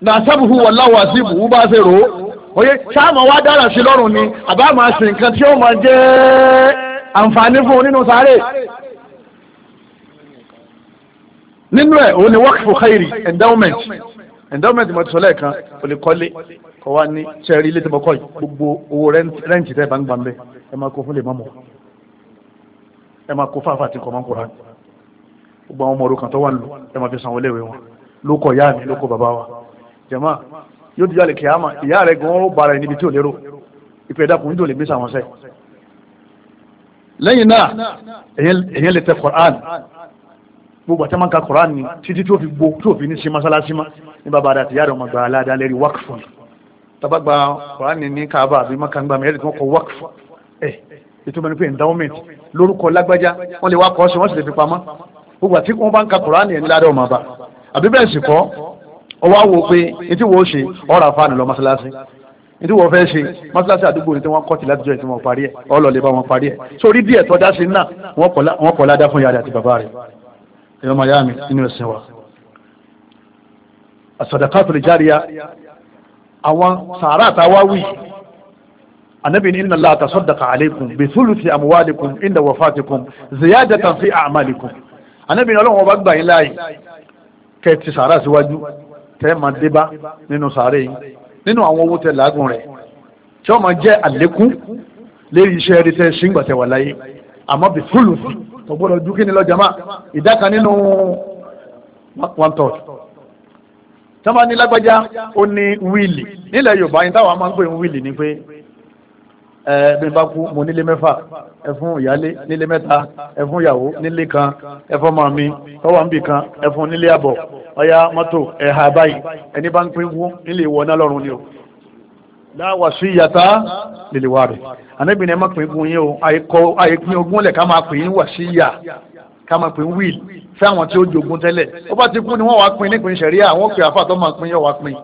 na sábùhù wà láwọ àṣìbù bá ṣe rò ó oye sáàmù wa dára sí lọ́rùn ni àbá máa ṣe nǹkan tí ó máa jẹ́ àǹfààní fún nínú sáré nínú ẹ̀ òun ni waqfu khairi endowment endowment mo ti sọ lẹ́ẹ̀kan o lè kọ́lé kọ́ wa ní sẹ́ẹ̀rí ilé tí mo kọ́ yìí gbogbo owó rẹ́ǹtì tẹ́ bá ń gbà ń bẹ́ ẹ máa kó fún lè má mọ̀ ẹ máa kó fáfá àti kọ̀ọ̀mọ́ kúrò gbogbo àwọn ọmọ orúkàn tó wà ń lò ẹ máa fi sanwó léwe wọn ló kọ ìyá mi ló kọ bàbá wa jẹ̀mọ́ yóò di jálè kìámà ìyá rẹ̀ gan ó bára ẹni ibi tí ò lérò ìpè dàkùn ní tó lè gbé sàwọn sẹ́ lẹ́yìn náà èyàn lè tẹ Qur'an gbogbo àti àmàkà Qur'an ni títí tí ó fi gbó tí ó fi ní sí masalasi ma ní bàbá rẹ̀ àti ìyá rẹ̀ ọmọ gbà aládàá lẹ́rí wákìfọ̀n tàbá gba Qur'an ní káàbà àbí makangba mẹ́rin tí wọ́n kọ wákìfọ̀n ẹ̀ ìtumọ̀ ní pé endowment lórúkọ lágbájá wọ́n lè wá kọ́ sí wọ́n sì lè fi pamọ́ gbogbo àti wọ́n bá ń ka Qur'an yẹn ládàá ọmọ bá àbí bẹ́ẹ̀ sì kọ́ ọwọ́ àwò pé etí wo ṣe ọ̀rọ̀ àfáàní lọ mọ́ṣáláṣí etí wo fẹ́ ṣe mọ́ṣáláṣí àdúgbò ní tí wọ́n kọ́ ti látijọ́ tí wọ́n parí ẹ̀ ọlọ́lẹ̀ bá wọn parí ẹ̀ sórí díẹ̀ tó dá sí náà wọ́n kọ̀ ládá fún yàrá àti bàbá rẹ̀ ẹ̀rọ mayami nínú ẹ̀sìn wa àsọ̀dàkátòlì járíya àwọn sàárà táwa wì anabi ni inna allaha tasaddaqa alaykum bi thuluthi amwalikum inda wafatikum ziyadatan fi a'malikum anabi ni Ọlọ́run ọba gbà yín láàyè kẹ́ ti síwájú tẹ́ máa débá nínú sàárè yìí nínú àwọn owó tẹ làágùn rẹ̀ tí ó máa jẹ́ àlékún lérí iṣẹ́ rí tẹ́ ṣì ń gbàtẹ̀ wà láyé àmọ́ bí fúlù tó gbọ́dọ̀ ju kíni lọ́jà máa ìdá kan nínú one third tí wọ́n bá ní lágbájá ó ní wíìlì nílẹ̀ Yorùbá yìí táwọn máa ń pè ń wíìlì ni pé bí bá kú mo nílé mẹ́fà ẹ fún ìyálé nílé mẹ́ta ẹ fún ìyàwó nílé kan ẹ fún ọmọ mi tọ́wọ́ ń bì kan ẹ fún nílé àbọ̀ ọ̀yá mọ́tò ẹ̀hà báyìí ẹni bá ń pín wú nílé ìwọ náà lọ́rùn ni o láwà sí ìyàtá lèlè wà rẹ̀ anábìnrin ẹ má pín gun yín o àìpín ogún lẹ̀ ká máa pín wà sí ìyà ká máa pín wíìlì fẹ́ àwọn tí ó jogun tẹ́lẹ̀ ó bá ti kú ni wọ́n wá pín nípìn ṣẹ̀ríà àwọn òkè àfà tó máa pín yóò wá pín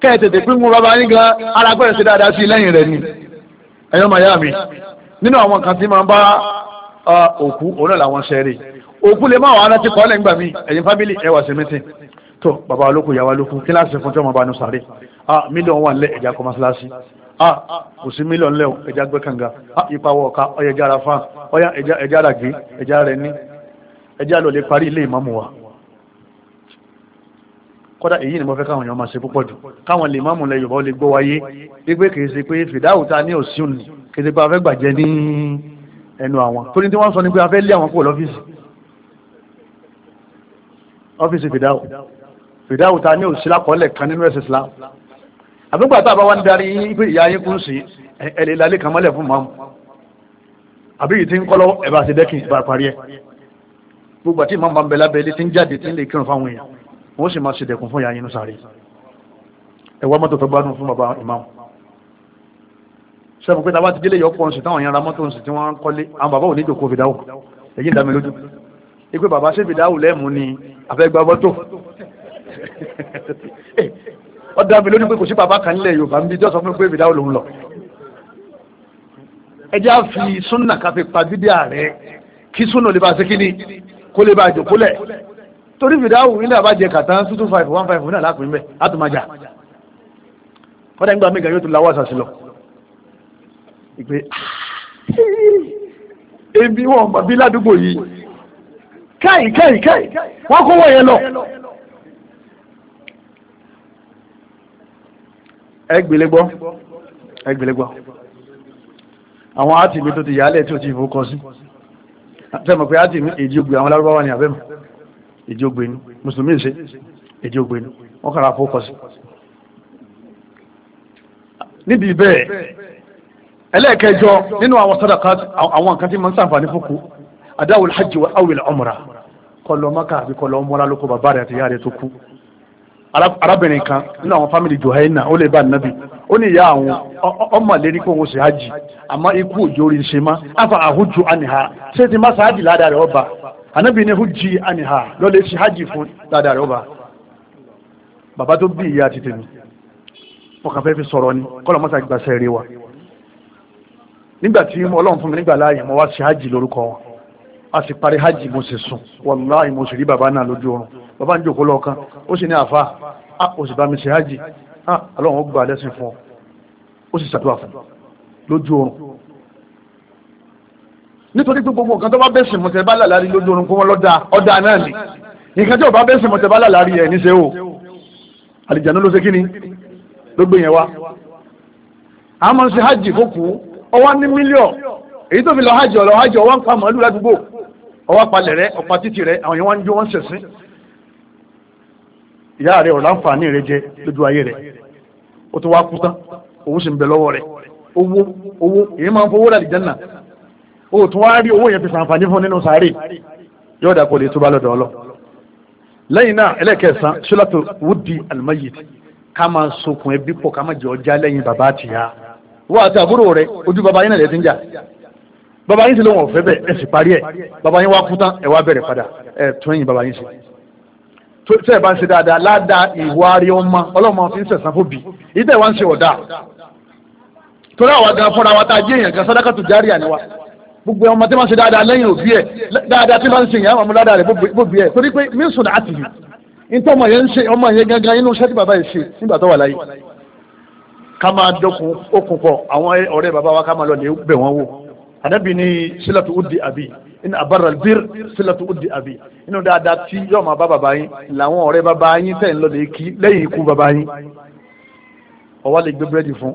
kẹ́ ẹ̀ tètè pín gun bàbá yín gan ara dáadáa sí lẹ́yìn rẹ̀ ni ẹ̀yọ́ máa yá mi nínú àwọn kan tí máa ń bá òkú òun náà làwọn ṣẹ́ẹ̀rì òkú lè máa wà láti kọ́ lẹ́yìn gbà mí ẹ̀yin fábílì ẹ̀wà sẹ́mẹ́tì tó bàbá olóko ìyàwó olóko kíláàsì fún tí wọ́n bá nu sàré ah mílíọ̀n wà nílẹ̀ ẹ̀já kọ́ mọ́sálásí ah kò sí mílíọ̀n lẹ́wọ̀ ẹ̀já gbé kànga ah ipa wọ̀ ọ̀ka ọ̀yẹ̀já ara fáà ọ̀yà ẹ̀já ràgé ẹ̀já rẹ̀ ní ẹ̀já lọ lè parí ilé ìmáàmù wa kọ́dá èyí ni mo fẹ́ káwọn èèyàn máa ṣe púpọ̀ jù káwọn lè máàmù lẹ yorùbá ó lè gbọ́ wáyé wípé kì ṣe pé fìdáhù ta ní òsì òní kì ṣe pé a fẹ́ gbàjẹ́ ní ẹnu àwọn torí tí wọ́n sọ ni pé a fẹ́ lé àwọn kúrò lọ́fíìsì ọ́fíìsì fìdáhù fìdáhù ta ní òsì lákọọ́lẹ̀ kan nínú ẹ̀sìn Islam àbúgbà tá a bá wá ń darí pé ìyá yín kún sí ẹ̀lẹ́ ìlàlẹ́ kan mọ́lẹ̀ fún màmú àbí yìí ti ń kọ́lọ́ ẹ̀bà àti dẹ́kìn ìbá parí ẹ̀ gbogbo àti ìmọ̀ máa ń ń jáde tí ń lè kírun fáwọn èèyàn wọ́n sì máa ṣèdẹ̀kùn fún yàyínú sáré ẹwà mọ́tò tó gbádùn fún bàbá ìmáàmù sẹ́bùn pé tàbá ti délé yọpọ̀ ǹsì táwọn yàrá mọ́tò ǹsì tí wọ́n ń kọ́lé àwọn bàbá ò ní jòkó fìdáwò èyí ń dámi lójú ipé bàbá sí fìdáwò lẹ́mù ni àfẹ́gbà mọ́tò ó dámi lójú pé kò sí bàbá kan nílẹ̀ Yorùbá ń bí jọ́sọ fún pé fìdáwò lòun lọ ẹjẹ́ á fi súnà káfí pa bídíà rẹ kí súnà lè bá ṣe kíni kó lè bá jòkó lẹ̀ torí fìdáwù ilé àbájẹ kàtà two two five one five náà lápin bẹ́ẹ̀ àtùmájà fọ́dà nígbà mẹ́gàn yóò tún lawọ́ àṣàṣì lọ. ìpè ah, ebi wọn mọ̀ bí ládùúgbò yìí káì káì káì wọ́n kó wọ̀ yẹn lọ. ẹ gbélé gbọ́ ẹ gbélé gbọ́ àwọn àtìmí tó ti yálẹ̀ tí o ti fowó kọ sí. àtẹ̀mọ̀ pé àtìmí èjì ògbé àwọn lárúbáwá ni àbẹ́mọ̀ èjì ògbé ni mùsùlùmí ṣe èjì ògbé ni wọ́n kàrà fọ́kọ̀ sí. níbi bẹ́ẹ̀ ẹlẹ́ẹ̀kẹjọ nínú àwọn sàdákà àwọn nǹkan tí mo ń sàǹfààní fúnku adáwò hajj wa awil umra kọlọ maka àbí kọlọ umra lóko bàbá rẹ àti ìyá rẹ tó kú arábìnrin kan nínú àwọn fámìlì johanna ó lè bá nàbì ó ní ìyá àwọn ọmọlẹ́ni kó wọn ṣe hajj àmọ́ ikú òjò orí ṣe má àfa àhújù àníhà ṣé ti má ṣe ládàá rẹ ọba anábì ní hujji aniha lọ́lẹ̀ sí hajji fún dáadáa rẹ̀ ọba bàbá tó bí ìyá títẹ̀ mi wọ́n kàn fẹ́ fi sọ̀rọ̀ ni kọ́lọ̀ mọ́sá gbàṣẹ́ rí wa nígbà tí ọlọ́run fún mi nígbà láàyè mo wá sí hajji lórúkọ wọn a sì parí hajji mo sì sùn wàláhì mo sì rí bàbá náà lójú oorun bàbá ń jòkó lọ́ọ̀kan ó sì ní àfa a ò sì bá mi sí hajji a ọlọ́run ó gbà lẹ́sìn fún ọ ó sì ṣàdúrà fún lójú oorun nítorí pé gbogbo nǹkan tó bá bẹ̀sìn mọ̀tẹ́ bá làlárí lójú oorun fún wọn lọ́dà ọ̀dà náà ni nǹkan tí ò bá bẹ̀sìn mọ̀tẹ́ bá ẹ̀ níṣẹ́ o àlìjáná ló ṣe kí ni ló gbé yẹn wá. a ṣe hajj fókù ọwọ́ ní mílíọ̀ èyí tó fi lọ hajj ọ̀lọ́ hajj ọwọ́ ń pa màálù ládùúgbò ọwọ́ palẹ̀ rẹ ọ̀pá títì rẹ àwọn yẹn wá ń jó wọ́n ṣẹ̀sìn. ìyá rẹ lójú ayé rẹ o tún wá rí owó yẹn fi sàǹfààní fún nínú sàárè yóò dà kó lè túbà lọ́dọ̀ ọlọ́ lẹ́yìn náà ẹlẹ́kẹ̀sán ṣọlátò wúdi al-mayyit ká máa sokùn ẹbí pọ̀ ká máa jẹ ọjà lẹ́yìn bàbá àtìyá wọ́n àti àbúrò rẹ̀ ojú bàbá yín náà lè ti ń jà bàbá yín sì lóun ọ̀fẹ́ bẹ̀ ẹ sì parí ẹ̀ bàbá yín wá kú tán ẹ wá bẹ̀rẹ̀ padà ẹ tún ẹ̀yìn bàbá yín sí tó tẹ́ ẹ bá ń ṣe dáadáa ládàá ìwà rí ọmọ ọlọ́mọ fi ń sẹ̀sán fún bì í ń ṣe ọ̀dà torí àwa gan fúnra wa tá a èèyàn gan sàdákà tó járíyà ni gbogbo ọmọ tí wọ́n ṣe dáadáa lẹ́yìn òbí ẹ̀ dáadáa tí wọ́n ṣe yẹn àwọn ọmọ dáadáa rẹ̀ gbogbo ẹ̀ torí pé mí sùn láti yìí nítorí ọmọ yẹn ṣe ọmọ yẹn gangan inú iṣẹ́ tí bàbá yìí ṣe nígbà tó wà láyé ká máa dọkun okùn pọ̀ àwọn ọ̀rẹ́ bàbá wa ká máa lọ lè bẹ̀ wọ́n wò ànábì ní sílẹ̀tù udi àbí inú àbára bír sílẹ̀tù udi àbí inú dáadáa tí yóò máa bá bàbá yín làwọn ọ̀rẹ́ bàbá yín tẹ̀ ń lọ lè kí lẹ́yìn ikú bàbá yín ọwọ́ lè gbé búrẹ́dì fún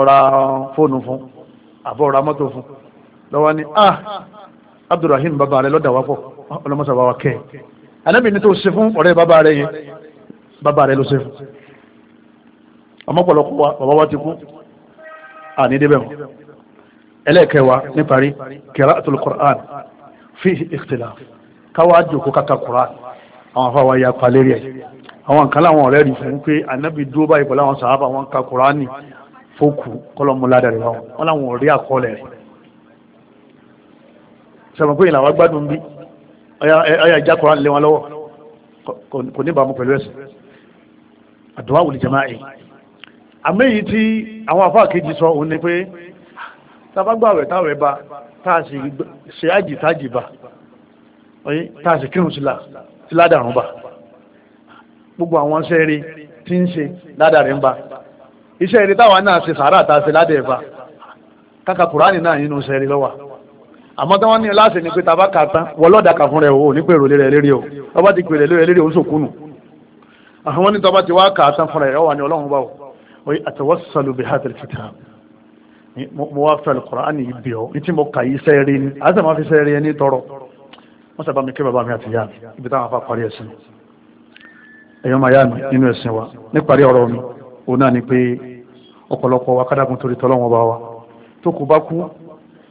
ọ̀ra fóònù fún àbọ̀ ọ̀ra mọ́tò fún lọ́wọ́ ni ah abdulrahim bàbá rẹ lọ́dà wápọ̀ ọlọ́mọsà bá wa kẹ́ anábì ní tó ṣe fún ọ̀rẹ́ bàbá rẹ yẹn bàbá rẹ ló ṣe fún ọmọpọ̀lọpọ̀ bàbá wa ti kú àní débẹ̀ wọn ẹlẹ́ẹ̀kẹwàá ní parí qira'atul Qur'an fi ikhtilaf káwá jòkó kàkà Qur'an àwọn afáwa ya palérí ẹ̀ àwọn nǹkan láwọn ọ̀rẹ́ rí fún pé anábì dúró báyìí pẹ̀lú àwọn sàhábà wọn ka Qur'ani fókù kọ́lọ́mù ládàrí wọn wọn láwọn ọ̀rẹ́ àkọọ́lẹ̀ rẹ̀ sọ̀rọ̀ pé ìlànà gbádùn bí ọyà ìjà kọ́ra lé wọn lọ́wọ́ kò ní bàmú pẹ̀lú ẹ̀sìn àdúrà wòlì jẹ́má ẹ̀ àmì èyí tí àwọn afá kejì sọ òun ni pé tabagbàwẹ̀ táwẹ̀ bá táàsì ṣe àjì táàjì bá táàsì kírun sílá síládàrún bá gbogbo àwọn sẹ́ẹ̀rì tí ń ṣe ládàrín bá iṣẹ́ eré táwa náà ṣe sàárà tá a ṣe ládẹ̀ bá káka kùránì náà nínú sẹ́ẹ̀rì lọ́wọ́ àmọ́ tí wọ́n ní láti ní pé tàbá kà tán wọ́n lọ́ọ̀dà kà fún rẹ̀ o ní pèrò lérẹ̀ lérí o ọba ti pèrè lérẹ̀ lérí o ń sòkúnù àwọn ní tọ́ba ti wá kà tán fún rẹ̀ ọwà ní ọlọ́run bá o atawassalu bi hadhal kitab mo wá fẹ́ Al-Qur'an yìí bí ọ ní tí mo kà yí sẹ́ẹ̀rì ni àti àmọ́ fi sẹ́ẹ̀rì ẹni tọrọ wọ́n sábà mi kí bàbá mi àti ibi táwọn afa parí ẹ̀sìn ẹ̀yọ́ ni pé ọ̀pọ̀lọpọ̀ wa kádàkùn torí tọ́lọ́wọ́n bá wa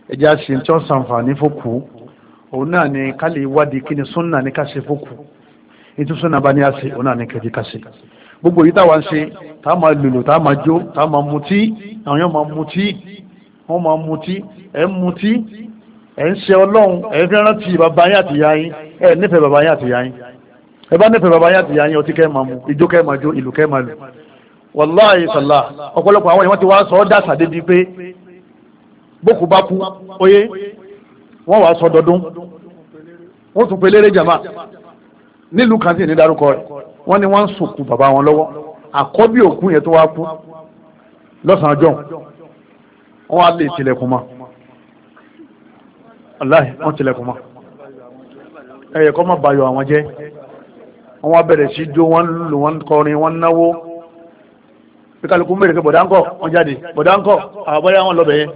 ẹja ṣe tí wọ́n sànfàní fòkù òun náà ni ká lè wádìí kí ni súnà ní ká ṣe fòkù ètò súnà bá ní àṣẹ òun náà ní kẹjì ká ṣe gbogbo yìí táwa ń ṣe tá a máa lùlù tá a máa jó tá a máa mutí àwọn yóò máa mutí wọ́n máa mutí ẹ̀ ń mutí ẹ̀ ń ṣe ọlọ́run ẹ̀ ń fi rántí bàbá yín àti ìyá yín ẹ̀ nífẹ̀ẹ́ bàbá yín àti ìyá yín ẹ bá nífẹ̀ẹ́ bàbá yín àti ìyá yín ọtí kẹ́ máa mu ijó kẹ́ máa jó ìlú kẹ́ máa lù wàláhì sàlá ọ̀pọ̀lọpọ̀ àwọn yìí wọ́n ti wá sọ ọ́ dàsà débi pé bókù bá kú oyé wọ́n wàá sọ wọ́n tún pelére jama nílùú kan tí ní dárúkọ rẹ̀ wọ́n ní wọ́n ń sùnkù bàbá wọn lọ́wọ́ àkọ́bí òkú yẹn tó wá kú lọ́sàn-án ọjọ́ wọ́n á lè tilẹ̀kùn mọ́ aláì wọ́n tilẹ̀kùn mọ́ ẹ̀yẹ kọ́ má bayọ̀ àwọn jẹ́ wọ́n wá bẹ̀rẹ̀ sí jó wọ́n lù wọ́n kọrin wọ́n náwó bí kálukú kí bọ̀dá ń wọ́n jáde bọ̀dá ń kọ́ ah, àbáyá wọn lọ bẹ̀yẹn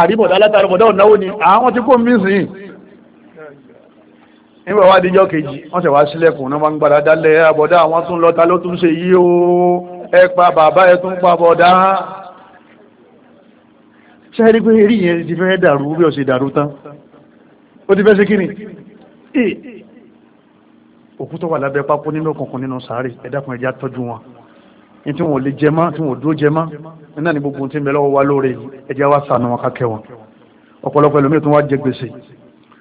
àríbọ̀dá látàrí bọ̀dá ọ̀náwó ni àwọn tí kò mí sìn nígbà wá díjọ́ kejì wọ́n tẹ̀ wá sílẹ̀kùn náà wọ́n gbàdá dálẹ̀ àbọ̀dá àwọn tún lọ́ta ló tún ṣe yí o ẹ pa bàbá ẹ tún pa bọ̀dá ṣe rí pé eré yẹn ti fẹ́ dàrú bí ó ṣe dàrú tán ó ti fẹ́ ṣe kíni òkú tó wà lábẹ́ pápó nínú òkùnkùn nínú sàárè ẹ dákun tọ́jú wọn ní tí wọn ò lè jẹ mọ́ tí wọn ò dúró jẹ mọ́ iná ní gbogbo tí ń bẹ lọ́wọ́ wa lóore ẹ̀jẹ̀ wa sànù wọn kákẹ́ wọn ọ̀pọ̀lọpọ̀ ẹlòmíì tó wá jẹ gbèsè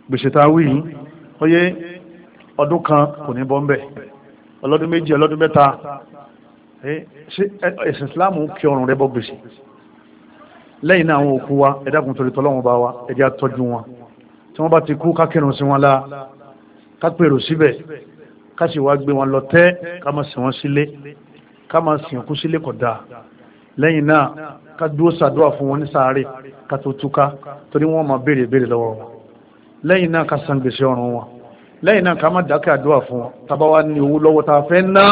gbèsè tá a wí yìí ó yé ọdún kan kò ní bọ́ ń bẹ̀ ọlọ́dún méjì ọlọ́dún mẹ́ta ẹ̀sìn Islam kí ọrùn rẹ bọ́ gbèsè lẹ́yìn náà àwọn òkú wa ẹ̀dá kun torí tọ́lọ́wọ́n bá wa ẹ̀jẹ̀ àtọ́jú wọn tí wọ́n bá ti kú kákẹ́rùn sí wọn la ká pèrò síbẹ̀ ká sì wá gbé wọn lọ tẹ́ ká má sìn wọn sílé ká máa sìnkú sílé kódà lẹ́yìn náà ká dúró sàdúrà fún wọn ní sáré ká tó túká torí wọ́n máa béèrè béèrè lọ́wọ́ wọn lẹ́yìn náà ká san gbèsè ọrùn wọn lẹ́yìn náà ká má dákẹ́ àdúrà fún wọn tábà wá ní owó lọ́wọ́ tá a fẹ́ ná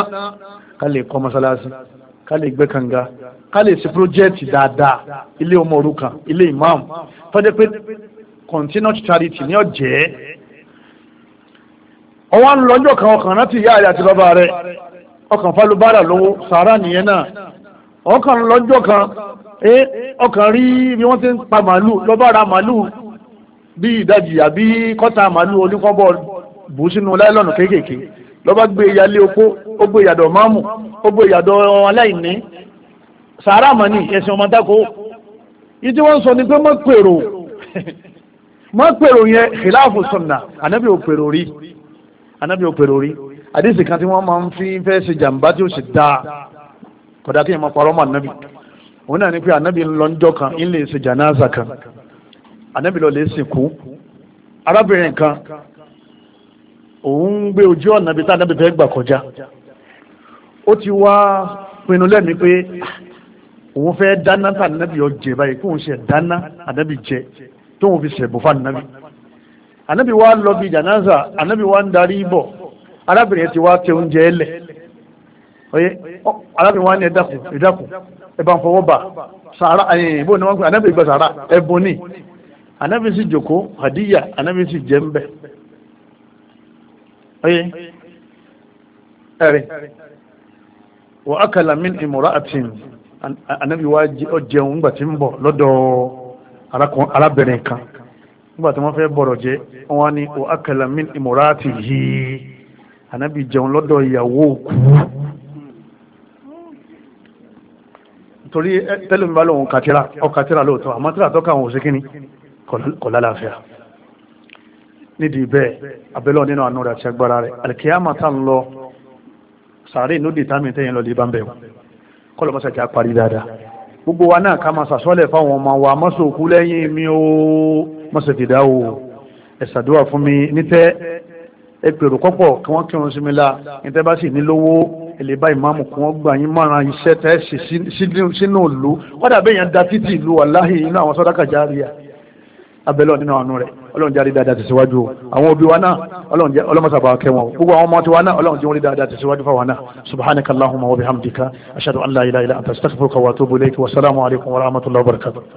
ká lè kọ́ mọ́sálásí ká lè gbẹ́ kànga ká lè ṣe pírójẹ́ẹ̀tì dáadáa ilé ọmọ òrukàn ilé ìmáàmù tọ́jú pé continued charity ní ọ̀jẹ́ ọwọ́ ń lọ́jọ́ kan ọkàn rántí ìyá rẹ̀ àti bàbá rẹ̀ ọkàn falubára lówó sàárà nìyẹn náà ọkàn lọ́jọ́ kan ọkàn rí bí wọ́n ti ń pa màálù lọ́bàrà màálù bí ìdajì àbí kọ́ta màálù oníkọ́bọ̀ bù sínú láìlọ́nù kéékèèké lọ́ba gbé ìyálé opó ó gbé ìyàdọ̀ máàmù ó gbé ìyàdọ̀ aláìní sàárà mọ̀ ẹ̀sìn ọmọ dákó yìí wọ́n sọ ni pé mọ́ pèrò mọ́ pèrò yẹn khilafu sunna ànábì ò pèrò rí ànábì ò pèrò rí àdìsí kan tí wọ́n máa ń fi fẹ́ ṣe jàǹbá tí ó sì dáa kódà kí n máa parọ́ mọ́ ànábì òun náà ni pé ànábì ń lọ ńjọ́ kan ń lè ṣe jànáza kan ànábì lọ lè sìnkú arábìnrin kan òun ń gbé ojú ọ̀nà ibi tá ànábì fẹ́ gbà kọjá ó ti wá pinnu lẹ́mìí pé ah, òun fẹ́ dáná tá ànábì yọ jẹ báyìí kóun ṣe dáná ànábì jẹ tóun fi ṣẹ̀bù fún ànábì ànábì wa lọ bí jànáza ànábì wa ń darí bọ̀ arábìnrin ti wá tẹ oúnjẹ ẹlẹ̀ oye arábìnrin wa ní ẹ̀dàkùn ẹ̀dàkùn ẹ̀bà fọwọ́ bà sàárà ẹ̀yìn ìbò ni wọ́n pè anábìnrin gba sàárà ẹ̀bùn ni anábìnrin sì jòkó hàdíyà anábìnrin sì jẹ́ ń bẹ̀ oye ẹ̀rẹ̀ wọ́n akala min ìmọ̀ra àti anábìnrin wa jẹun nígbà tí ń bọ̀ lọ́dọ̀ arábìnrin kan nígbà tí wọ́n fẹ́ bọ̀rọ̀ jẹ́ wọ́n ní wọ́n akala min ìmọ̀ra àti yìí ànábì jẹun lọ́dọ̀ ìyàwó òkú torí tẹ́lẹ̀mí bá lóun kàtírà ọkàtírà lóòótọ́ àmọ́ tíra tọ́ka àwọn òsì kíní kò lálàáfíà nídìí bẹ́ẹ̀ abẹ́lọ́ nínú àánú rẹ̀ àti agbára rẹ̀ àlìkíyàmà tá ń lọ sàárè inú dì támì tẹ́yìn lọ lè bá ń bẹ̀rù kọ́lọ̀ mọ́sà ti parí dáadáa gbogbo wa náà ká máa sàsọ́lẹ̀ fáwọn ọmọ wa mọ́sà òkú lẹ́yìn mi ó mọ́sà fìdá o ẹ̀sàdúrà fún mi nítẹ́ ẹgbèrò kọ́pọ̀ kí wọ́n kírun sí mi la níta bá sì ní lówó èlé bá ìmáàmù kí wọ́n gbà yín márùn iṣẹ́ tẹ́ ṣe sínú ìlú kọ́dà bẹ́ẹ̀ yẹn da títì ìlú wàláhì inú àwọn sọ́dáka járíà abẹ́lẹ̀ nínú àánú rẹ̀ ọlọ́run jáde dáadáa tẹ̀síwájú o àwọn òbí wa náà ọlọ́mọsàbà kẹwọn o gbogbo àwọn ọmọ tiwa náà ọlọ́run jẹ́ orí dáadáa tẹ̀síwájú fáwọn náà subhanaka allahumma wa bihamdika ashhadu an la ilaha illa anta astaghfiruka wa atubu ilayk wa salaamu alaykum wa rahmatullahi wa barakatuh